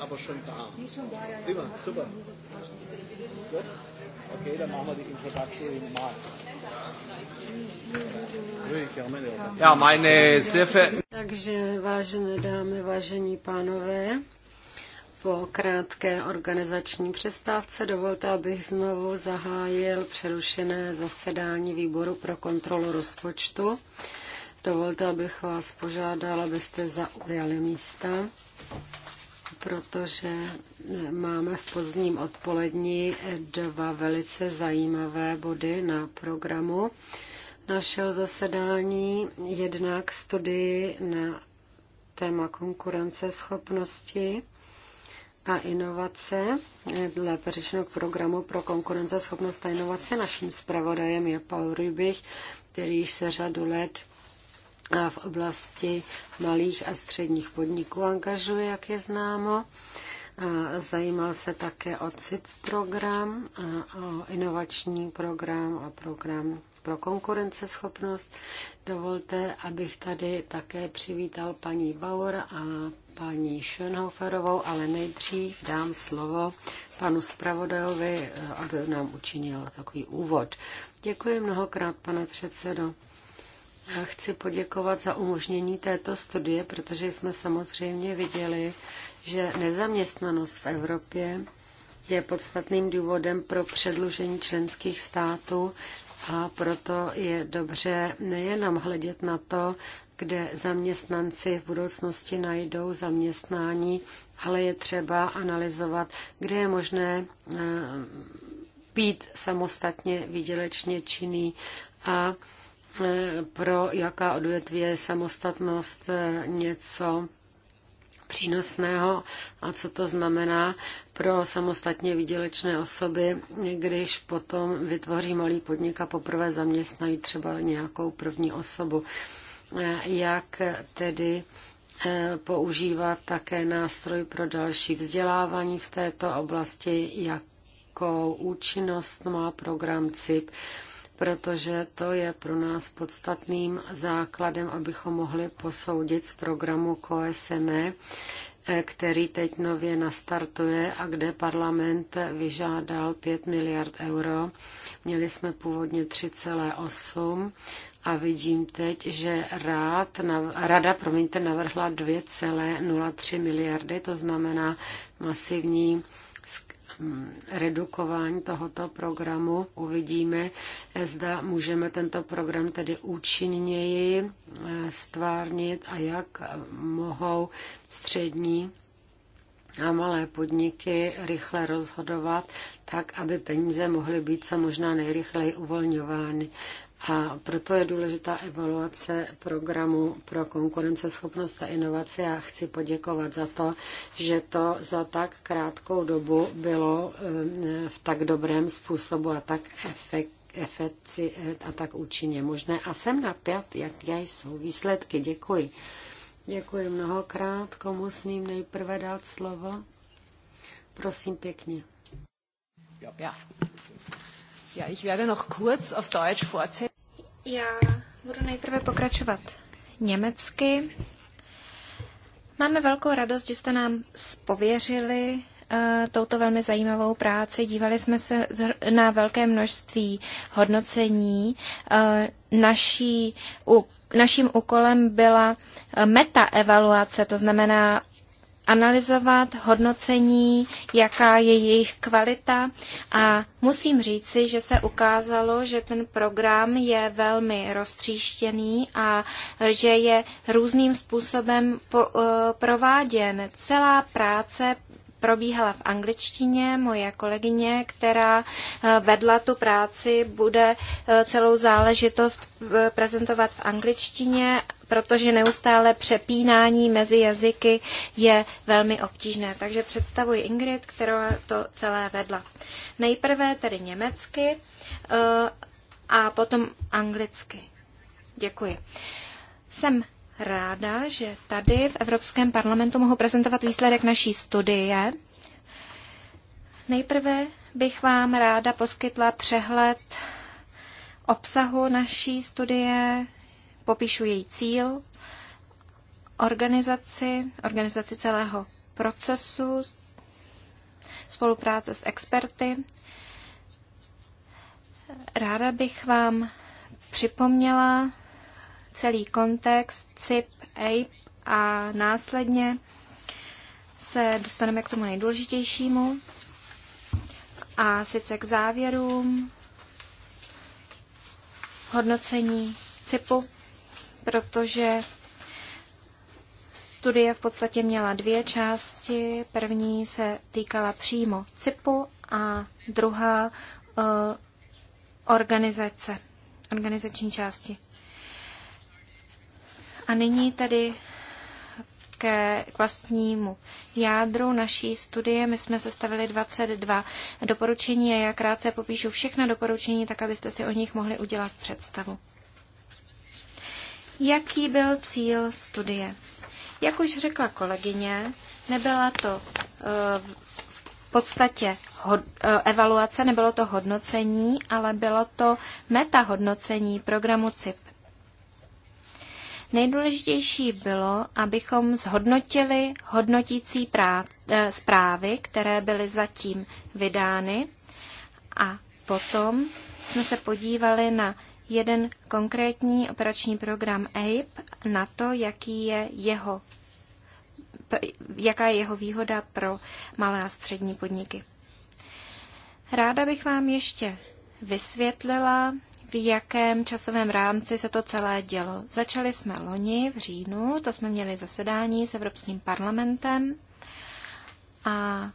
aber schon da. Die schon da, ja. Prima, ja. super. Okay, dann machen wir die Introduction in Ja, meine sehr verehrten... Takže vážené dámy, vážení pánové, po krátké organizační přestávce dovolte, abych znovu zahájil přerušené zasedání výboru pro kontrolu rozpočtu. Dovolte, abych vás požádal, abyste zaujali místa, protože máme v pozdním odpolední dva velice zajímavé body na programu našeho zasedání. Jednak studii na téma konkurenceschopnosti a inovace dle peřečného programu pro konkurenceschopnost a inovace. Naším zpravodajem je Paul Rybich, který již se řadu let v oblasti malých a středních podniků angažuje, jak je známo. A zajímal se také o CIP program, a o inovační program a program pro konkurenceschopnost. Dovolte, abych tady také přivítal paní Bauer a paní Schönhoferovou, ale nejdřív dám slovo panu zpravodajovi, eh, aby nám učinil takový úvod. Děkuji mnohokrát, pane předsedo. Já chci poděkovat za umožnění této studie, protože jsme samozřejmě viděli, že nezaměstnanost v Evropě je podstatným důvodem pro předlužení členských států a proto je dobře nejenom hledět na to, kde zaměstnanci v budoucnosti najdou zaměstnání, ale je třeba analyzovat, kde je možné eh, být samostatně výdělečně činný a eh, pro jaká odvětví je samostatnost eh, něco přínosného a co to znamená pro samostatně výdělečné osoby, když potom vytvoří malý podnik a poprvé zaměstnají třeba nějakou první osobu. Jak tedy eh, používat také nástroj pro další vzdělávání v této oblasti, jakou účinnost má program CIP protože to je pro nás podstatným základem, abychom mohli posoudit z programu KOSME, eh, který teď nově nastartuje a kde parlament vyžádal 5 miliard euro. Měli jsme původně 3,8 a vidím teď, že rád, rada promiňte, navrhla 2,03 miliardy, to znamená masivní Mm, redukování tohoto programu uvidíme, zda můžeme tento program tedy účinněji eh, stvárnit a jak mohou střední a malé podniky rychle rozhodovat tak, aby peníze mohly být co možná nejrychleji uvolňovány. A proto je důležitá evaluace programu pro konkurenceschopnost a inovace. Já chci poděkovat za to, že to za tak krátkou dobu bylo eh, v tak dobrém způsobu a tak efektivní efekci a tak účinně možné. A jsem jak jaké jsou výsledky. Děkuji. Děkuji mnohokrát. Komu smím nejprve dát slovo? Prosím pěkně. Ja. Ja, ich werde noch kurz auf Deutsch fortsetzen. Já budu nejprve pokračovat německy. Máme velkou radost, že jste nám spověřili eh, touto velmi zajímavou práci. Dívali jsme se na velké množství hodnocení. Eh, naší, naším úkolem byla eh, metaevaluace, to znamená analyzovat hodnocení, jaká je jejich kvalita a musím říci, že se ukázalo, že ten program je velmi roztříštěný a že je různým způsobem po, uh, prováděn. Celá práce probíhala v angličtině. Moje kolegyně, která eh, vedla tu práci, bude eh, celou záležitost eh, prezentovat v angličtině, protože neustále přepínání mezi jazyky je velmi obtížné. Takže představuji Ingrid, která to celé vedla. Nejprve tedy německy a potom anglicky. Děkuji. Jsem ráda, že tady v Evropském parlamentu mohu prezentovat výsledek naší studie. Nejprve bych vám ráda poskytla přehled obsahu naší studie, popíšu její cíl, organizaci, organizaci celého procesu, spolupráce s experty. Ráda bych vám připomněla celý kontext CIP, APE a následně se dostaneme k tomu nejdůležitějšímu a sice k závěrům hodnocení CIPu, protože studie v podstatě měla dvě části. První se týkala přímo CIPu a druhá eh, organizace, organizační části. A nyní tedy ke, vlastnímu jádru naší studie. My jsme sestavili 22 doporučení a já krátce popíšu všechna doporučení, tak abyste si o nich mohli udělat představu. Jaký byl cíl studie? Jak už řekla kolegyně, nebyla to eh, v podstatě eh, evaluace, nebylo to hodnocení, ale bylo to metahodnocení programu CIP. Nejdůležitější bylo, abychom zhodnotili hodnotící prá- eh, zprávy, které byly zatím vydány a potom jsme se podívali na jeden konkrétní operační program EIP, e na to, jaký je jeho, jaká je jeho výhoda pro malé a střední podniky. Ráda bych vám ještě vysvětlila v jakém časovém rámci se to celé dělo. Začali jsme loni v říjnu, to jsme měli zasedání s Evropským parlamentem a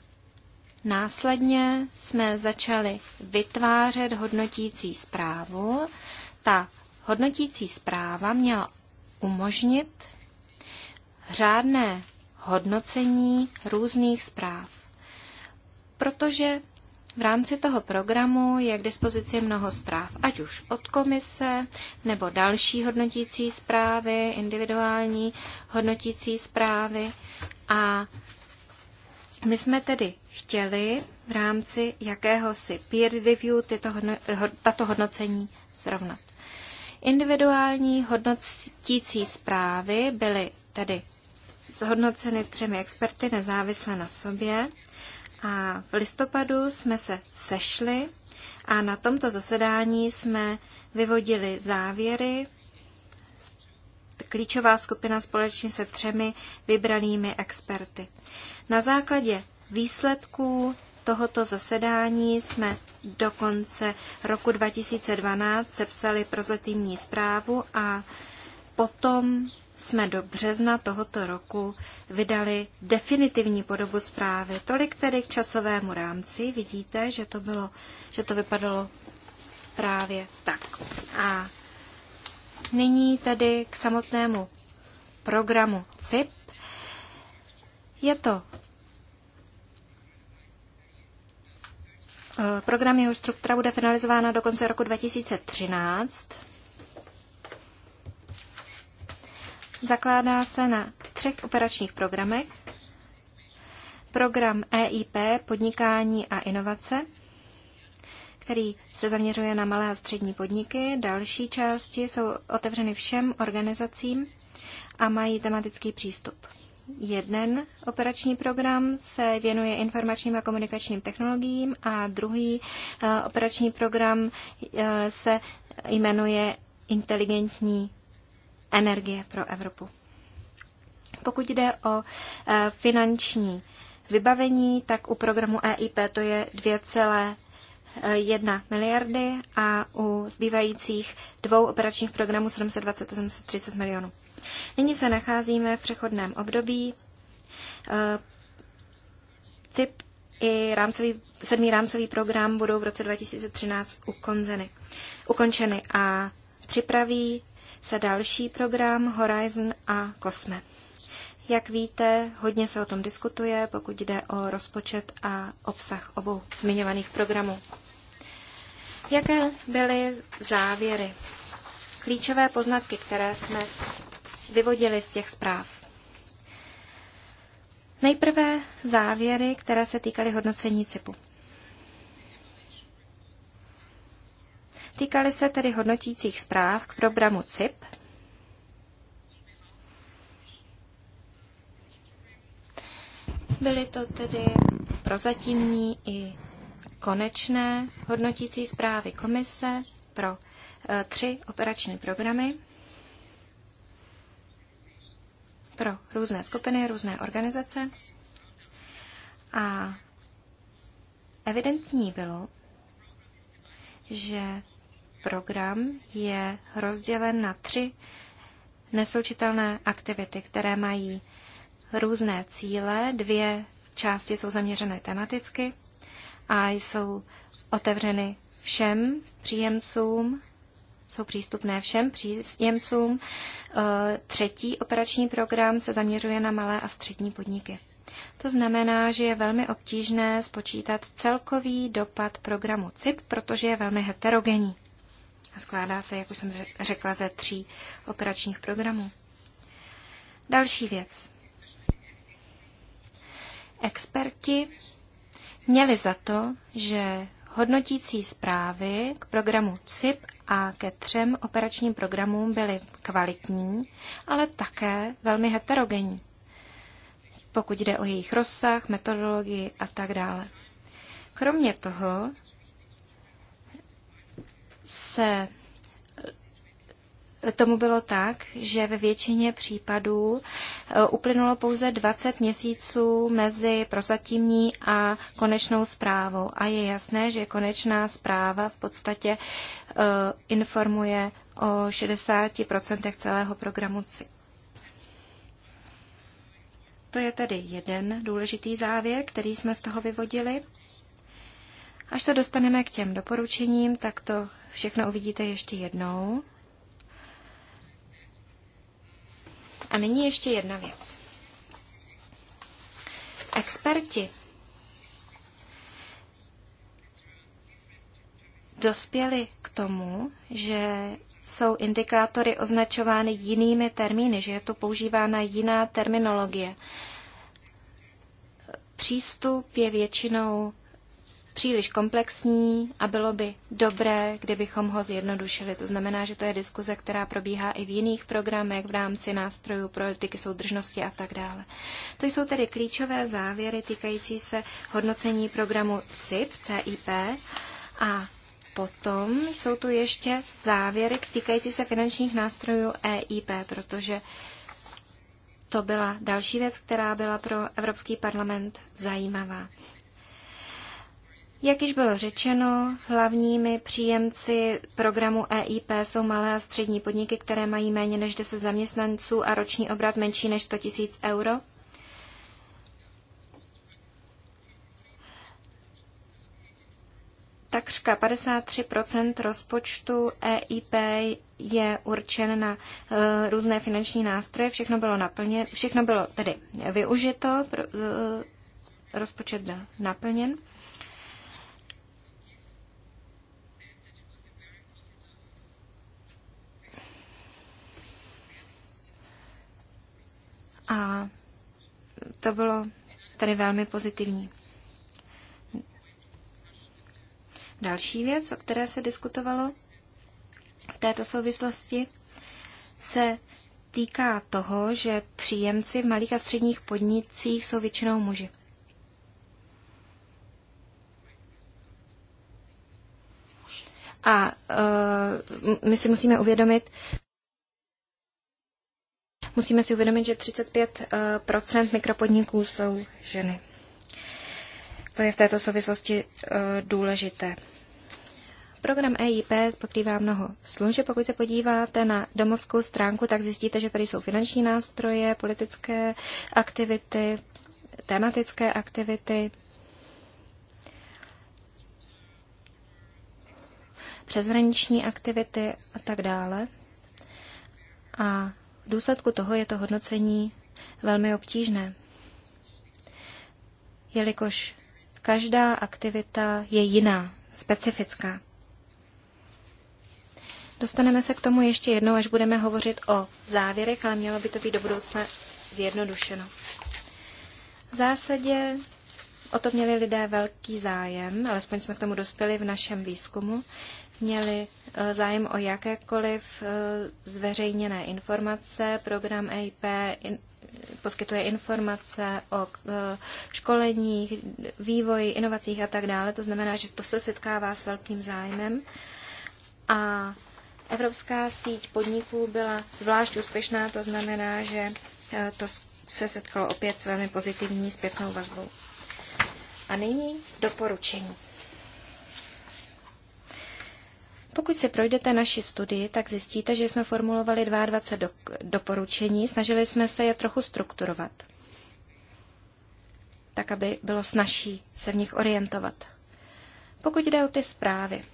následně jsme začali vytvářet hodnotící zprávu. Ta hodnotící zpráva měla umožnit řádné hodnocení různých zpráv, protože v rámci toho programu je k dispozici mnoho zpráv, ať už od komise nebo další hodnotící zprávy, individuální hodnotící zprávy. A my jsme tedy chtěli v rámci jakéhosi peer review tyto hodno, tato hodnocení srovnat. Individuální hodnotící zprávy byly tedy zhodnoceny třemi experty nezávisle na sobě a v listopadu jsme se sešli a na tomto zasedání jsme vyvodili závěry. Klíčová skupina společně se třemi vybranými experty. Na základě výsledků tohoto zasedání jsme do konce roku 2012 sepsali prozatímní zprávu a potom jsme do března tohoto roku vydali definitivní podobu zprávy. Tolik tedy k časovému rámci. Vidíte, že to, bylo, že to vypadalo právě tak. A nyní tedy k samotnému programu CIP. Je to eh, program, jeho struktura bude finalizována do konce roku 2013. Zakládá se na třech operačních programech. Program EIP Podnikání a inovace, který se zaměřuje na malé a střední podniky. Další části jsou otevřeny všem organizacím a mají tematický přístup. Jeden operační program se věnuje informačním a komunikačním technologiím a druhý eh, operační program eh, se jmenuje inteligentní energie pro Evropu. Pokud jde o e, finanční vybavení, tak u programu EIP to je 2,1 miliardy a u zbývajících dvou operačních programů 720 a 730 milionů. Nyní se nacházíme v přechodném období. E, CIP i rámcový, sedmý rámcový program budou v roce 2013 ukonzeny, ukončeny a připraví se další program Horizon a Kosme. Jak víte, hodně se o tom diskutuje, pokud jde o rozpočet a obsah obou zmiňovaných programů. Jaké byly závěry? Klíčové poznatky, které jsme vyvodili z těch zpráv. Nejprve závěry, které se týkaly hodnocení CIPu. Týkaly se tedy hodnotících zpráv k programu CIP. Byly to tedy prozatímní i konečné hodnotící zprávy komise pro e, tři operační programy pro různé skupiny, různé organizace. A evidentní bylo, že program je rozdělen na tři neslučitelné aktivity, které mají různé cíle. Dvě části jsou zaměřené tematicky a jsou otevřeny všem příjemcům, jsou přístupné všem příjemcům. Eh, třetí operační program se zaměřuje na malé a střední podniky. To znamená, že je velmi obtížné spočítat celkový dopad programu CIP, protože je velmi heterogenní skládá se, jak už jsem řekla, ze tří operačních programů. Další věc. Experti měli za to, že hodnotící zprávy k programu CIP a ke třem operačním programům byly kvalitní, ale také velmi heterogenní, pokud jde o jejich rozsah, metodologii a tak dále. Kromě toho se tomu bylo tak, že ve většině případů eh, uplynulo pouze 20 měsíců mezi prozatímní a konečnou zprávou. A je jasné, že konečná zpráva v podstatě eh, informuje o 60% celého programu CIP. To je tedy jeden důležitý závěr, který jsme z toho vyvodili. Až se dostaneme k těm doporučením, tak to Všechno uvidíte ještě jednou. A nyní ještě jedna věc. Experti dospěli k tomu, že jsou indikátory označovány jinými termíny, že je to používána jiná terminologie. Přístup je většinou příliš komplexní a bylo by dobré, kdybychom ho zjednodušili. To znamená, že to je diskuze, která probíhá i v jiných programech v rámci nástrojů politiky soudržnosti a tak dále. To jsou tedy klíčové závěry týkající se hodnocení programu CIP, CIP a potom jsou tu ještě závěry týkající se finančních nástrojů EIP, protože to byla další věc, která byla pro Evropský parlament zajímavá. Jak již bylo řečeno, hlavními příjemci programu EIP jsou malé a střední podniky, které mají méně než 10 zaměstnanců a roční obrat menší než 100 tisíc euro. Takřka 53 rozpočtu EIP je určen na uh, různé finanční nástroje. Všechno bylo naplně, všechno bylo tedy využito, pro, uh, rozpočet byl naplněn. A to bylo tady velmi pozitivní. Další věc, o které se diskutovalo v této souvislosti, se týká toho, že příjemci v malých a středních podnicích jsou většinou muži. A uh, my si musíme uvědomit, Musíme si uvědomit, že 35 eh, mikropodniků jsou ženy. To je v této souvislosti eh, důležité. Program EIP pokrývá mnoho služeb. Pokud se podíváte na domovskou stránku, tak zjistíte, že tady jsou finanční nástroje, politické aktivity, tematické aktivity, přeshraniční aktivity a tak dále. A důsledku toho je to hodnocení velmi obtížné, jelikož každá aktivita je jiná, specifická. Dostaneme se k tomu ještě jednou, až budeme hovořit o závěrech, ale mělo by to být do budoucna zjednodušeno. V zásadě o to měli lidé velký zájem, alespoň jsme k tomu dospěli v našem výzkumu měli eh, zájem o jakékoliv eh, zveřejněné informace. Program EIP poskytuje informace o eh, školeních, vývoji, inovacích a tak dále. To znamená, že to se setkává s velkým zájmem. A evropská síť podniků byla zvlášť úspěšná, to znamená, že to se setkalo opět s velmi pozitivní zpětnou vazbou. A nyní doporučení. Pokud si projdete naši studii, tak zjistíte, že jsme formulovali 22 do, doporučení, snažili jsme se je trochu strukturovat, tak aby bylo snažší se v nich orientovat. Pokud jde o ty zprávy,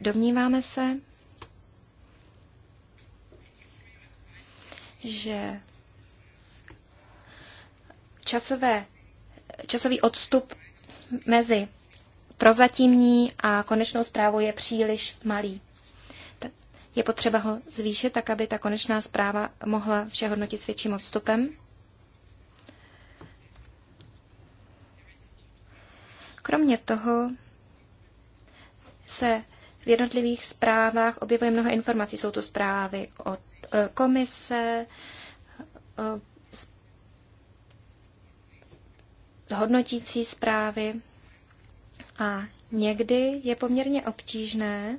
domníváme se, že časové, časový odstup mezi prozatímní a konečnou zprávou je příliš malý. Je potřeba ho zvýšit, tak aby ta konečná zpráva mohla vše hodnotit s větším odstupem. Kromě toho se v jednotlivých zprávách objevuje mnoho informací. Jsou to zprávy od e, komise, e, hodnotící zprávy. A někdy je poměrně obtížné,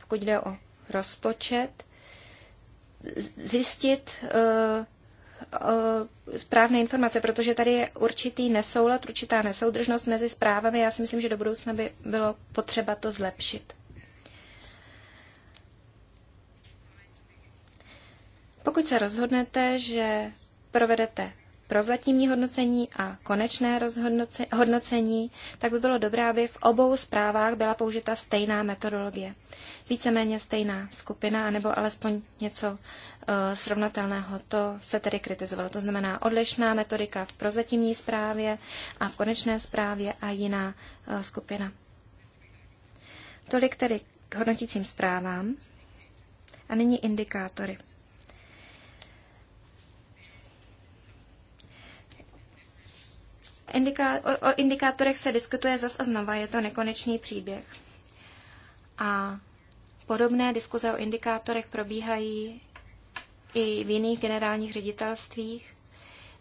pokud jde o rozpočet, zjistit eh, eh, správné informace, protože tady je určitý nesoulad, určitá nesoudržnost mezi zprávami. Já si myslím, že do budoucna by bylo potřeba to zlepšit. Pokud se rozhodnete, že provedete prozatímní hodnocení a konečné hodnocení, tak by bylo dobré, aby v obou zprávách byla použita stejná metodologie. Víceméně stejná skupina, anebo alespoň něco uh, srovnatelného. To se tedy kritizovalo. To znamená odlišná metodika v prozatímní zprávě a v konečné zprávě a jiná uh, skupina. Tolik tedy k hodnotícím zprávám a nyní indikátory. o, o indikátorech se diskutuje zas a znova, je to nekonečný příběh. A podobné diskuze o indikátorech probíhají i v jiných generálních ředitelstvích.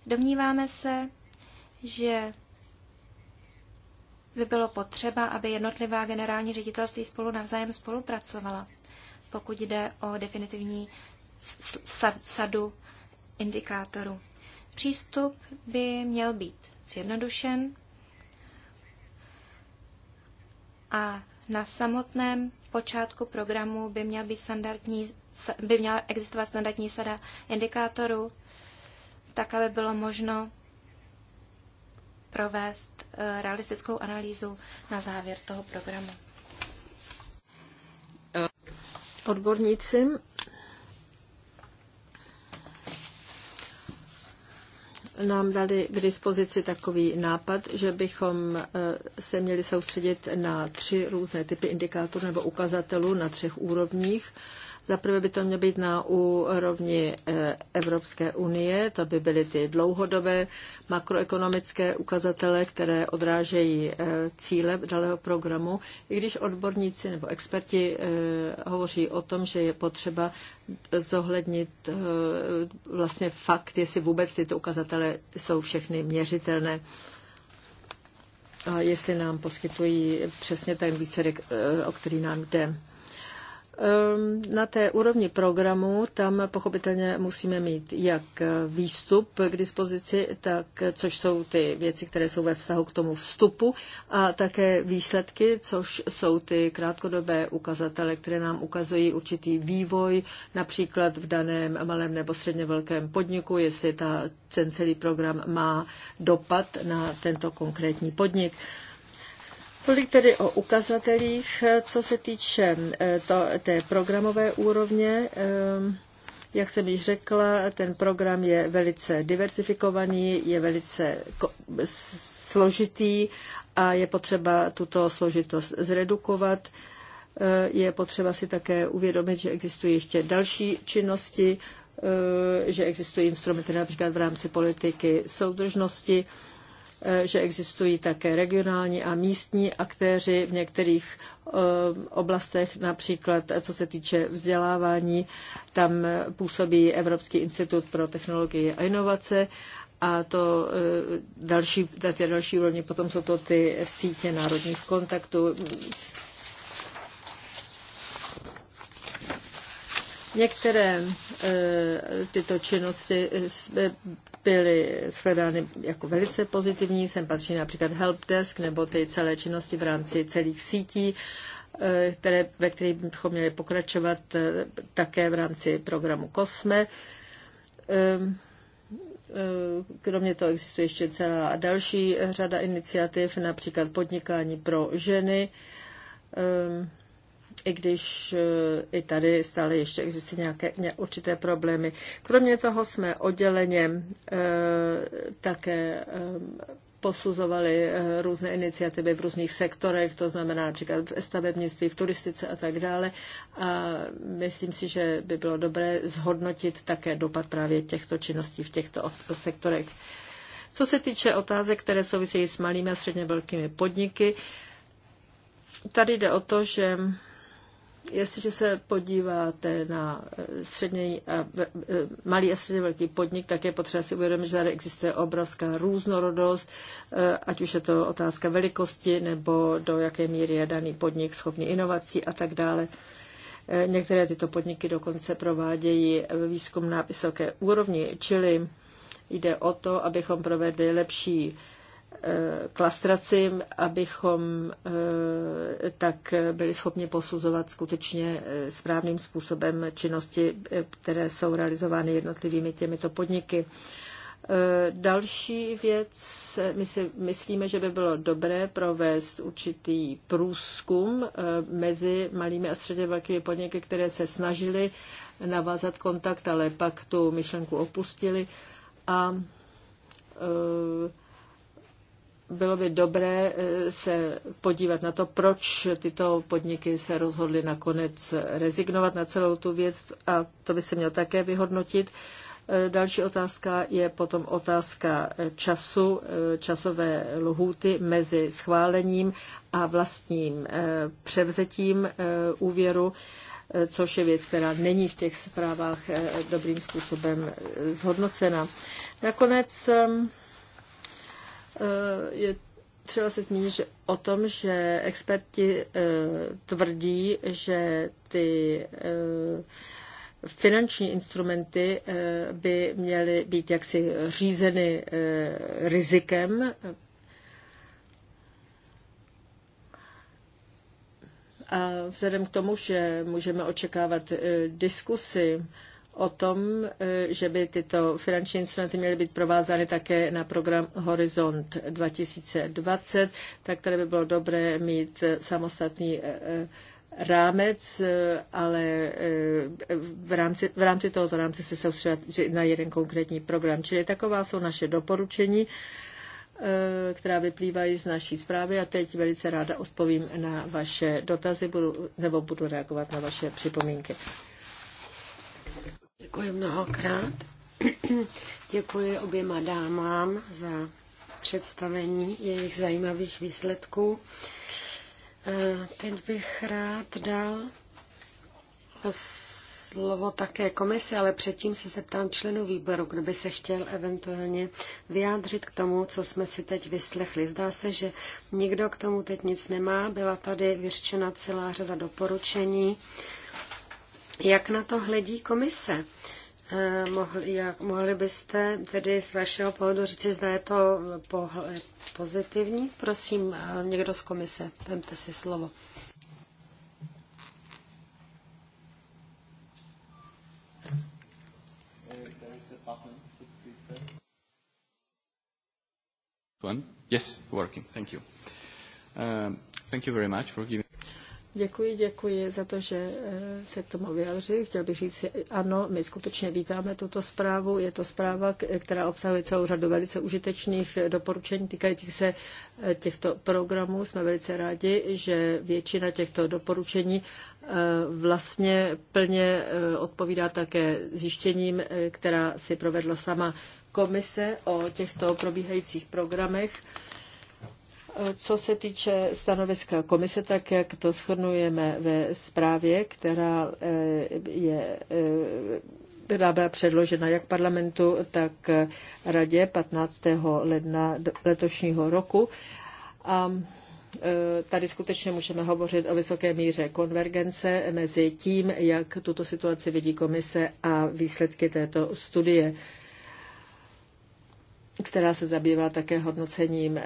Domníváme se, že by bylo potřeba, aby jednotlivá generální ředitelství spolu navzájem spolupracovala, pokud jde o definitivní sadu indikátorů. Přístup by měl být zjednodušen. A na samotném počátku programu by, měla být standardní, by měla existovat standardní sada indikátorů, tak aby bylo možno provést eh, realistickou analýzu na závěr toho programu. Odborníci nám dali k dispozici takový nápad, že bychom eh, se měli soustředit na tři různé typy indikátorů nebo ukazatelů na třech úrovních. Za prvé by to mělo být na úrovni eh, Evropské unie, to by byly ty dlouhodobé makroekonomické ukazatele, které odrážejí eh, cíle daného programu, i když odborníci nebo experti eh, hovoří o tom, že je potřeba zohlednit vlastně fakt, jestli vůbec tyto ukazatele jsou všechny měřitelné a jestli nám poskytují přesně ten výsledek, o který nám jde. Ehm, na té úrovni programu tam pochopitelně musíme mít jak výstup k dispozici, tak což jsou ty věci, které jsou ve vztahu k tomu vstupu a také výsledky, což jsou ty krátkodobé ukazatele, které nám ukazují určitý vývoj, například v daném malém nebo středně velkém podniku, jestli ta, ten celý program má dopad na tento konkrétní podnik. Tolik tedy o ukazatelích, co se týče eh, to, té programové úrovně. Eh, jak jsem již řekla, ten program je velice diversifikovaný, je velice složitý a je potřeba tuto složitost zredukovat. Eh, je potřeba si také uvědomit, že existují ještě další činnosti, že existují instrumenty například v rámci politiky soudržnosti, Eh, že existují také regionální a místní aktéři v některých eh, oblastech, například co se týče vzdělávání, tam eh, působí Evropský institut pro technologie a inovace a to další, ty další úrovně potom jsou to ty sítě národních kontaktů. Některé tyto činnosti byly shledány jako velice pozitivní. Sem patří například helpdesk nebo ty celé činnosti v rámci celých sítí, eh, které, ve kterých bychom měli pokračovat eh, také v rámci programu COSME. Ehm, eh, kromě toho existuje ještě celá další řada iniciativ, například podnikání pro ženy, ehm, i když eh, i tady stále ještě existují nějaké ně, určité problémy. Kromě toho jsme odděleně eh, také eh, posuzovali různé iniciativy v různých sektorech, to znamená například v stavebnictví, v turistice a tak dále. A myslím si, že by bylo dobré zhodnotit také dopad právě těchto činností v těchto sektorech. Co se týče otázek, které souvisejí s malými a středně velkými podniky, tady jde o to, že Jestliže se podíváte na eh, středně, eh, eh, malý a středně velký podnik, tak je potřeba si uvědomit, že tady existuje obrovská různorodost, ať už je to otázka velikosti nebo do jaké míry je daný podnik schopný inovací a tak dále. Některé tyto podniky dokonce provádějí výzkum na vysoké úrovni, čili jde o to, abychom provedli lepší Eh, klastracím, abychom eh, tak byli schopni posuzovat skutečně eh, správným způsobem činnosti, které jsou realizovány jednotlivými těmito podniky. Další věc, my si myslíme, že by bylo dobré provést určitý průzkum mezi malými a středně velkými podniky, které se snažili navázat kontakt, ale pak tu myšlenku opustili a bylo by dobré eh, se podívat na to, proč tyto podniky se rozhodly nakonec rezignovat na celou tu věc a to by se mělo také vyhodnotit. Eh, další otázka je potom otázka času, eh, časové lhůty mezi schválením a vlastním převzetím úvěru, což je věc, která není v těch zprávách dobrým způsobem zhodnocena. Nakonec ehm, Eh, je třeba se zmínit že o tom, že experti eh, tvrdí, že ty eh, finanční instrumenty by měly být jaksi řízeny rizikem. A vzhledem k tomu, že můžeme očekávat diskusy, o tom, eh, že by tyto finanční instrumenty měly být provázány také na program Horizont 2020, tak tady by bylo dobré mít eh, samostatný eh, rámec, ale v rámci, v rámci tohoto rámce se soustředit na jeden konkrétní program. Čili taková jsou naše doporučení, která vyplývají z naší zprávy a teď velice ráda odpovím na vaše dotazy budu, nebo budu reagovat na vaše připomínky. Děkuji mnohokrát. Děkuji oběma dámám za představení jejich zajímavých výsledků. Eh, teď bych rád dal slovo také komisi, ale předtím se zeptám členů výboru, kdo by se chtěl eventuálně vyjádřit k tomu, co jsme si teď vyslechli. Zdá se, že nikdo k tomu teď nic nemá. Byla tady vyřčena celá řada doporučení. Uh, jak na to hledí komise? Eh, mohli, jak, mohli byste tedy z vašeho pohledu říci, zda je to pohled pozitivní? Prosím, eh, někdo z komise, vemte si slovo. One? Yes, working. Thank you. Um, thank you very much for giving Děkuji, děkuji za to, že eh, se k tomu vyjádřili. Chtěl bych říct, ano, my skutečně vítáme tuto zprávu. Je to zpráva, která obsahuje celou řadu velice užitečných eh, doporučení týkajících se eh, těchto programů. Jsme velice rádi, že většina těchto doporučení vlastně plně odpovídá také zjištěním, která si provedla sama komise o těchto probíhajících programech co se týče stanoviska komise, tak jak to shodnujeme ve zprávě, která eh, je eh, která byla předložena jak parlamentu, tak radě 15. ledna letošního roku. A eh, tady skutečně můžeme hovořit o vysoké míře konvergence mezi tím, jak tuto situaci vidí komise a výsledky této studie, která se zabývá také hodnocením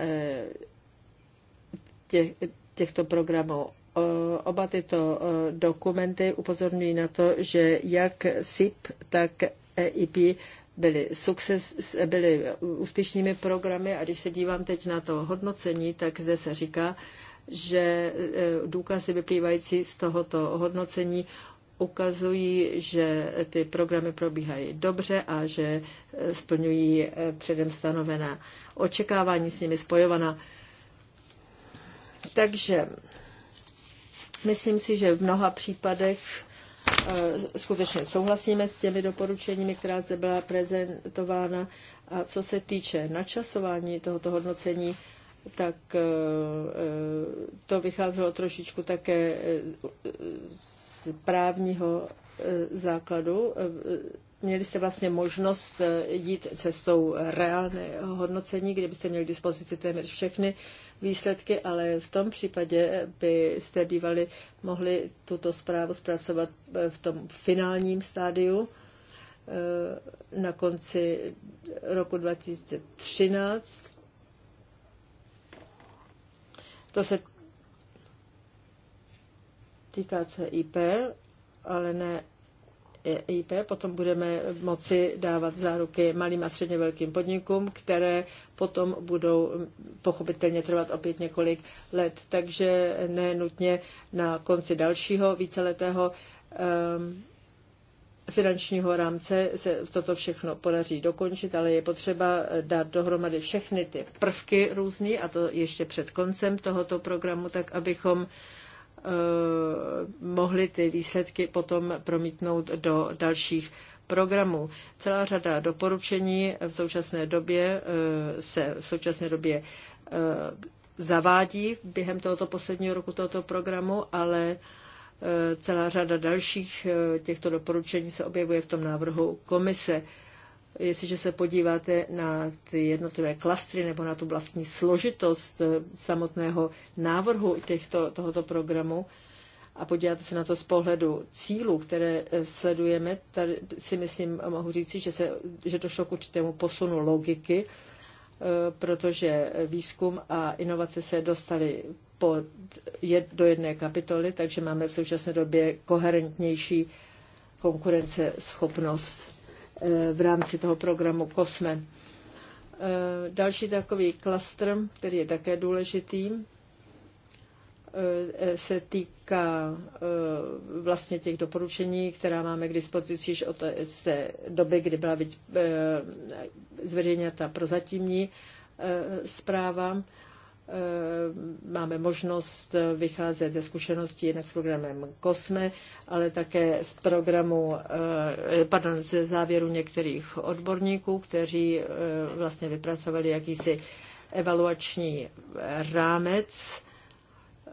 těch, těchto programů. Oba tyto dokumenty upozorňují na to, že jak SIP, tak EIP byly, success, byly úspěšnými programy a když se dívám teď na to hodnocení, tak zde se říká, že e, důkazy vyplývající z tohoto hodnocení ukazují, že ty programy probíhají dobře a že e, splňují e, předem stanovená očekávání s nimi spojovaná. Takže myslím si, že v mnoha případech eh, skutečně souhlasíme s těmi doporučeními, která zde byla prezentována. A co se týče načasování tohoto hodnocení, tak eh, eh, to vycházelo trošičku také z právního základu měli jste vlastně možnost eh, jít cestou reálné hodnocení, kde byste měli k dispozici téměř všechny výsledky, ale v tom případě byste bývali mohli tuto zprávu zpracovat eh, v tom finálním stádiu eh, na konci roku 2013. To se týká CIP, ale ne EIP, potom budeme moci dávat záruky malým a středně velkým podnikům, které potom budou pochopitelně trvat opět několik let. Takže ne nutně na konci dalšího víceletého ehm, finančního rámce se toto všechno podaří dokončit, ale je potřeba dát dohromady všechny ty prvky různé a to ještě před koncem tohoto programu, tak abychom Eh, mohli ty výsledky potom promítnout do dalších programů. Celá řada doporučení v současné době eh, se v současné době eh, zavádí během tohoto posledního roku tohoto programu, ale celá řada dalších těchto doporučení se objevuje v tom návrhu komise. Jestliže se podíváte na ty jednotlivé klastry nebo na tu vlastní složitost eh, samotného návrhu těchto, tohoto programu a podíváte se na to z pohledu cílů, které eh, sledujeme, tady si myslím, mohu říci, že, se, že došlo k určitému posunu logiky, eh, protože výzkum a inovace se dostaly jed, do jedné kapitoly, takže máme v současné době koherentnější konkurenceschopnost. Eh, v rámci toho programu COSME. Eh, další takový klastr, který je také důležitý, eh, se týká vlastně těch doporučení, která máme k dispozici již od té doby, kdy byla zveřejněna ta prozatímní zpráva. Eh, máme možnost vycházet ze zkušeností jednak s programem COSME, ale také z programu, eh, pardon, ze závěru některých odborníků, kteří eh, vlastně vypracovali jakýsi evaluační rámec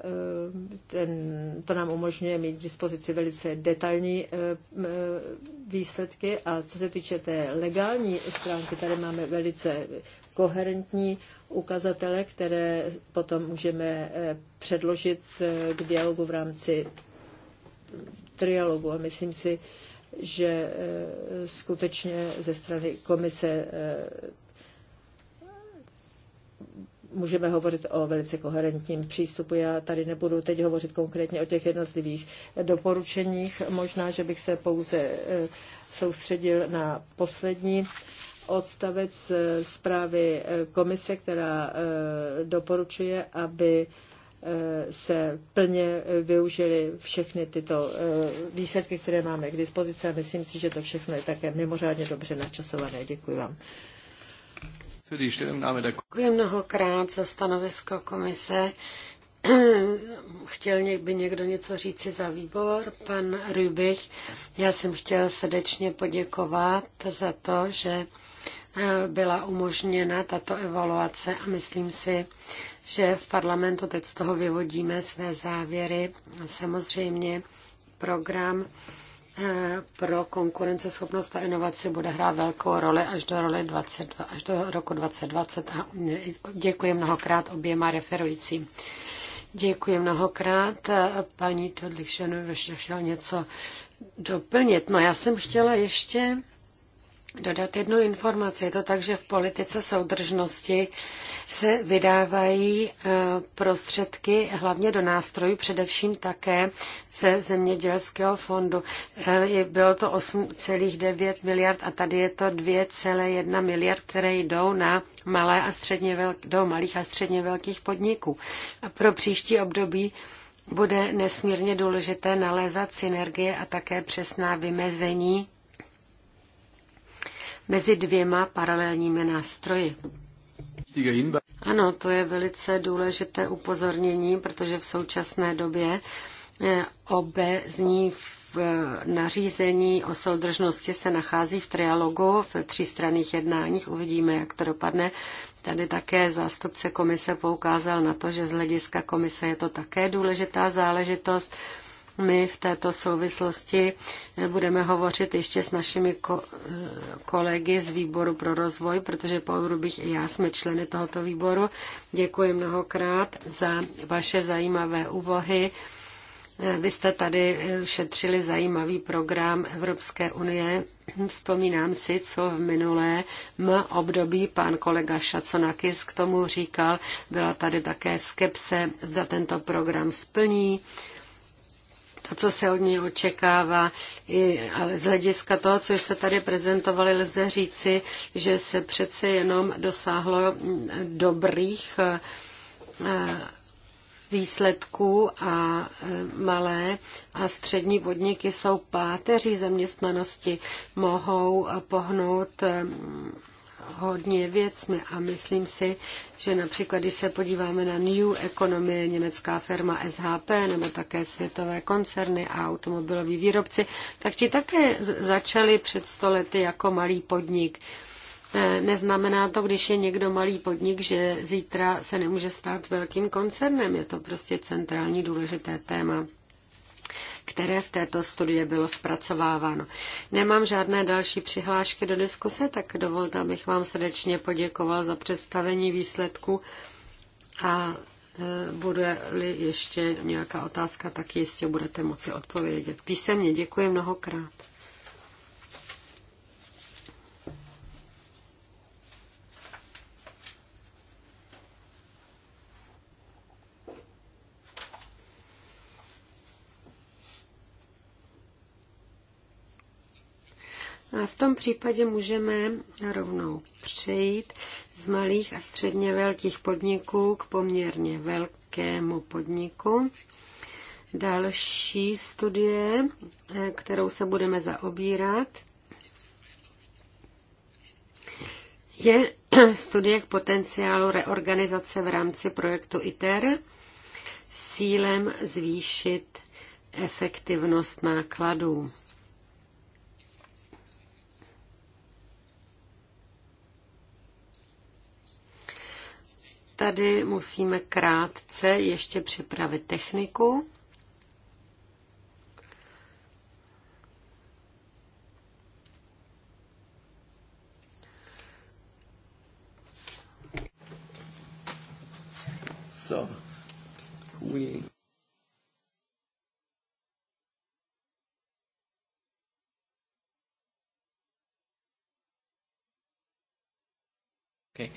Eh, ten, to nám umožňuje mít k dispozici velice detailní eh, eh, výsledky a co se týče té legální stránky, tady máme velice koherentní ukazatele, které potom můžeme předložit k dialogu v rámci trialogu a myslím si, že skutečně ze strany komise můžeme hovořit o velice koherentním přístupu. Já tady nebudu teď hovořit konkrétně o těch jednotlivých doporučeních. Možná, že bych se pouze eh, soustředil na poslední odstavec eh, zprávy eh, komise, která doporučuje, aby se plně využili všechny tyto výsledky, které máme k dispozici a myslím si, že to všechno je také mimořádně dobře načasované. Děkuji vám. Děkuji mnohokrát za stanovisko komise. Chtěl by někdo něco říci za výbor, pan Rubich, Já jsem chtěl srdečně poděkovat za to, že eh, byla umožněna tato evaluace a myslím si, že v parlamentu teď z toho vyvodíme své závěry. Samozřejmě program pro konkurenceschopnost a inovaci bude hrát velkou roli až do, roli 22, až do roku 2020 a děkuji mnohokrát oběma referujícím. Děkuji mnohokrát. Paní Todlikšenu ještě chtěla něco doplnit. No já jsem chtěla ještě dodat jednu informaci. Je to tak, že v politice soudržnosti se vydávají eh, prostředky hlavně do nástrojů, především také ze zemědělského fondu. Eh, bylo to 8,9 miliard a tady je to 2,1 miliard, které jdou na malé a středně velk- do malých a středně velkých podniků. A pro příští období bude nesmírně důležité nalézat synergie a také přesná vymezení mezi dvěma paralelními nástroji. Ano, to je velice důležité upozornění, protože v současné době eh, ní v eh, nařízení o soudržnosti se nachází v trialogu, v třístranných jednáních. Uvidíme, jak to dopadne. Tady také zástupce komise poukázal na to, že z hlediska komise je to také důležitá záležitost my v této souvislosti budeme hovořit ještě s našimi kolegy z výboru pro rozvoj, protože po bych i já jsme členy tohoto výboru. Děkuji mnohokrát za vaše zajímavé úvohy. Vy jste tady šetřili zajímavý program Evropské unie. Vzpomínám si, co v minulém období pan kolega Šaconakis k tomu říkal. Byla tady také skepse, zda tento program splní to, co se od něj očekává. I, ale z hlediska toho, co jste tady prezentovali, lze říci, že se přece jenom dosáhlo dobrých eh, výsledků a eh, malé a střední podniky jsou páteří zaměstnanosti, mohou eh, pohnout hodně věcmi a myslím si, že například, když se podíváme na New Economy, německá firma SHP nebo také světové koncerny a automobiloví výrobci, tak ti také začali před stolety jako malý podnik. E, neznamená to, když je někdo malý podnik, že zítra se nemůže stát velkým koncernem. Je to prostě centrální důležité téma které v této studii bylo zpracováváno. Nemám žádné další přihlášky do diskuse, tak dovolte, abych vám srdečně poděkoval za představení výsledku a e, bude-li ještě nějaká otázka, tak jistě budete moci odpovědět. Písemně děkuji mnohokrát. A v tom případě můžeme rovnou přejít z malých a středně velkých podniků k poměrně velkému podniku. Další studie, eh, kterou se budeme zaobírat, je studie k potenciálu reorganizace v rámci projektu ITER s cílem zvýšit efektivnost nákladů. Tady musíme krátce ještě připravit techniku. So, we Okay.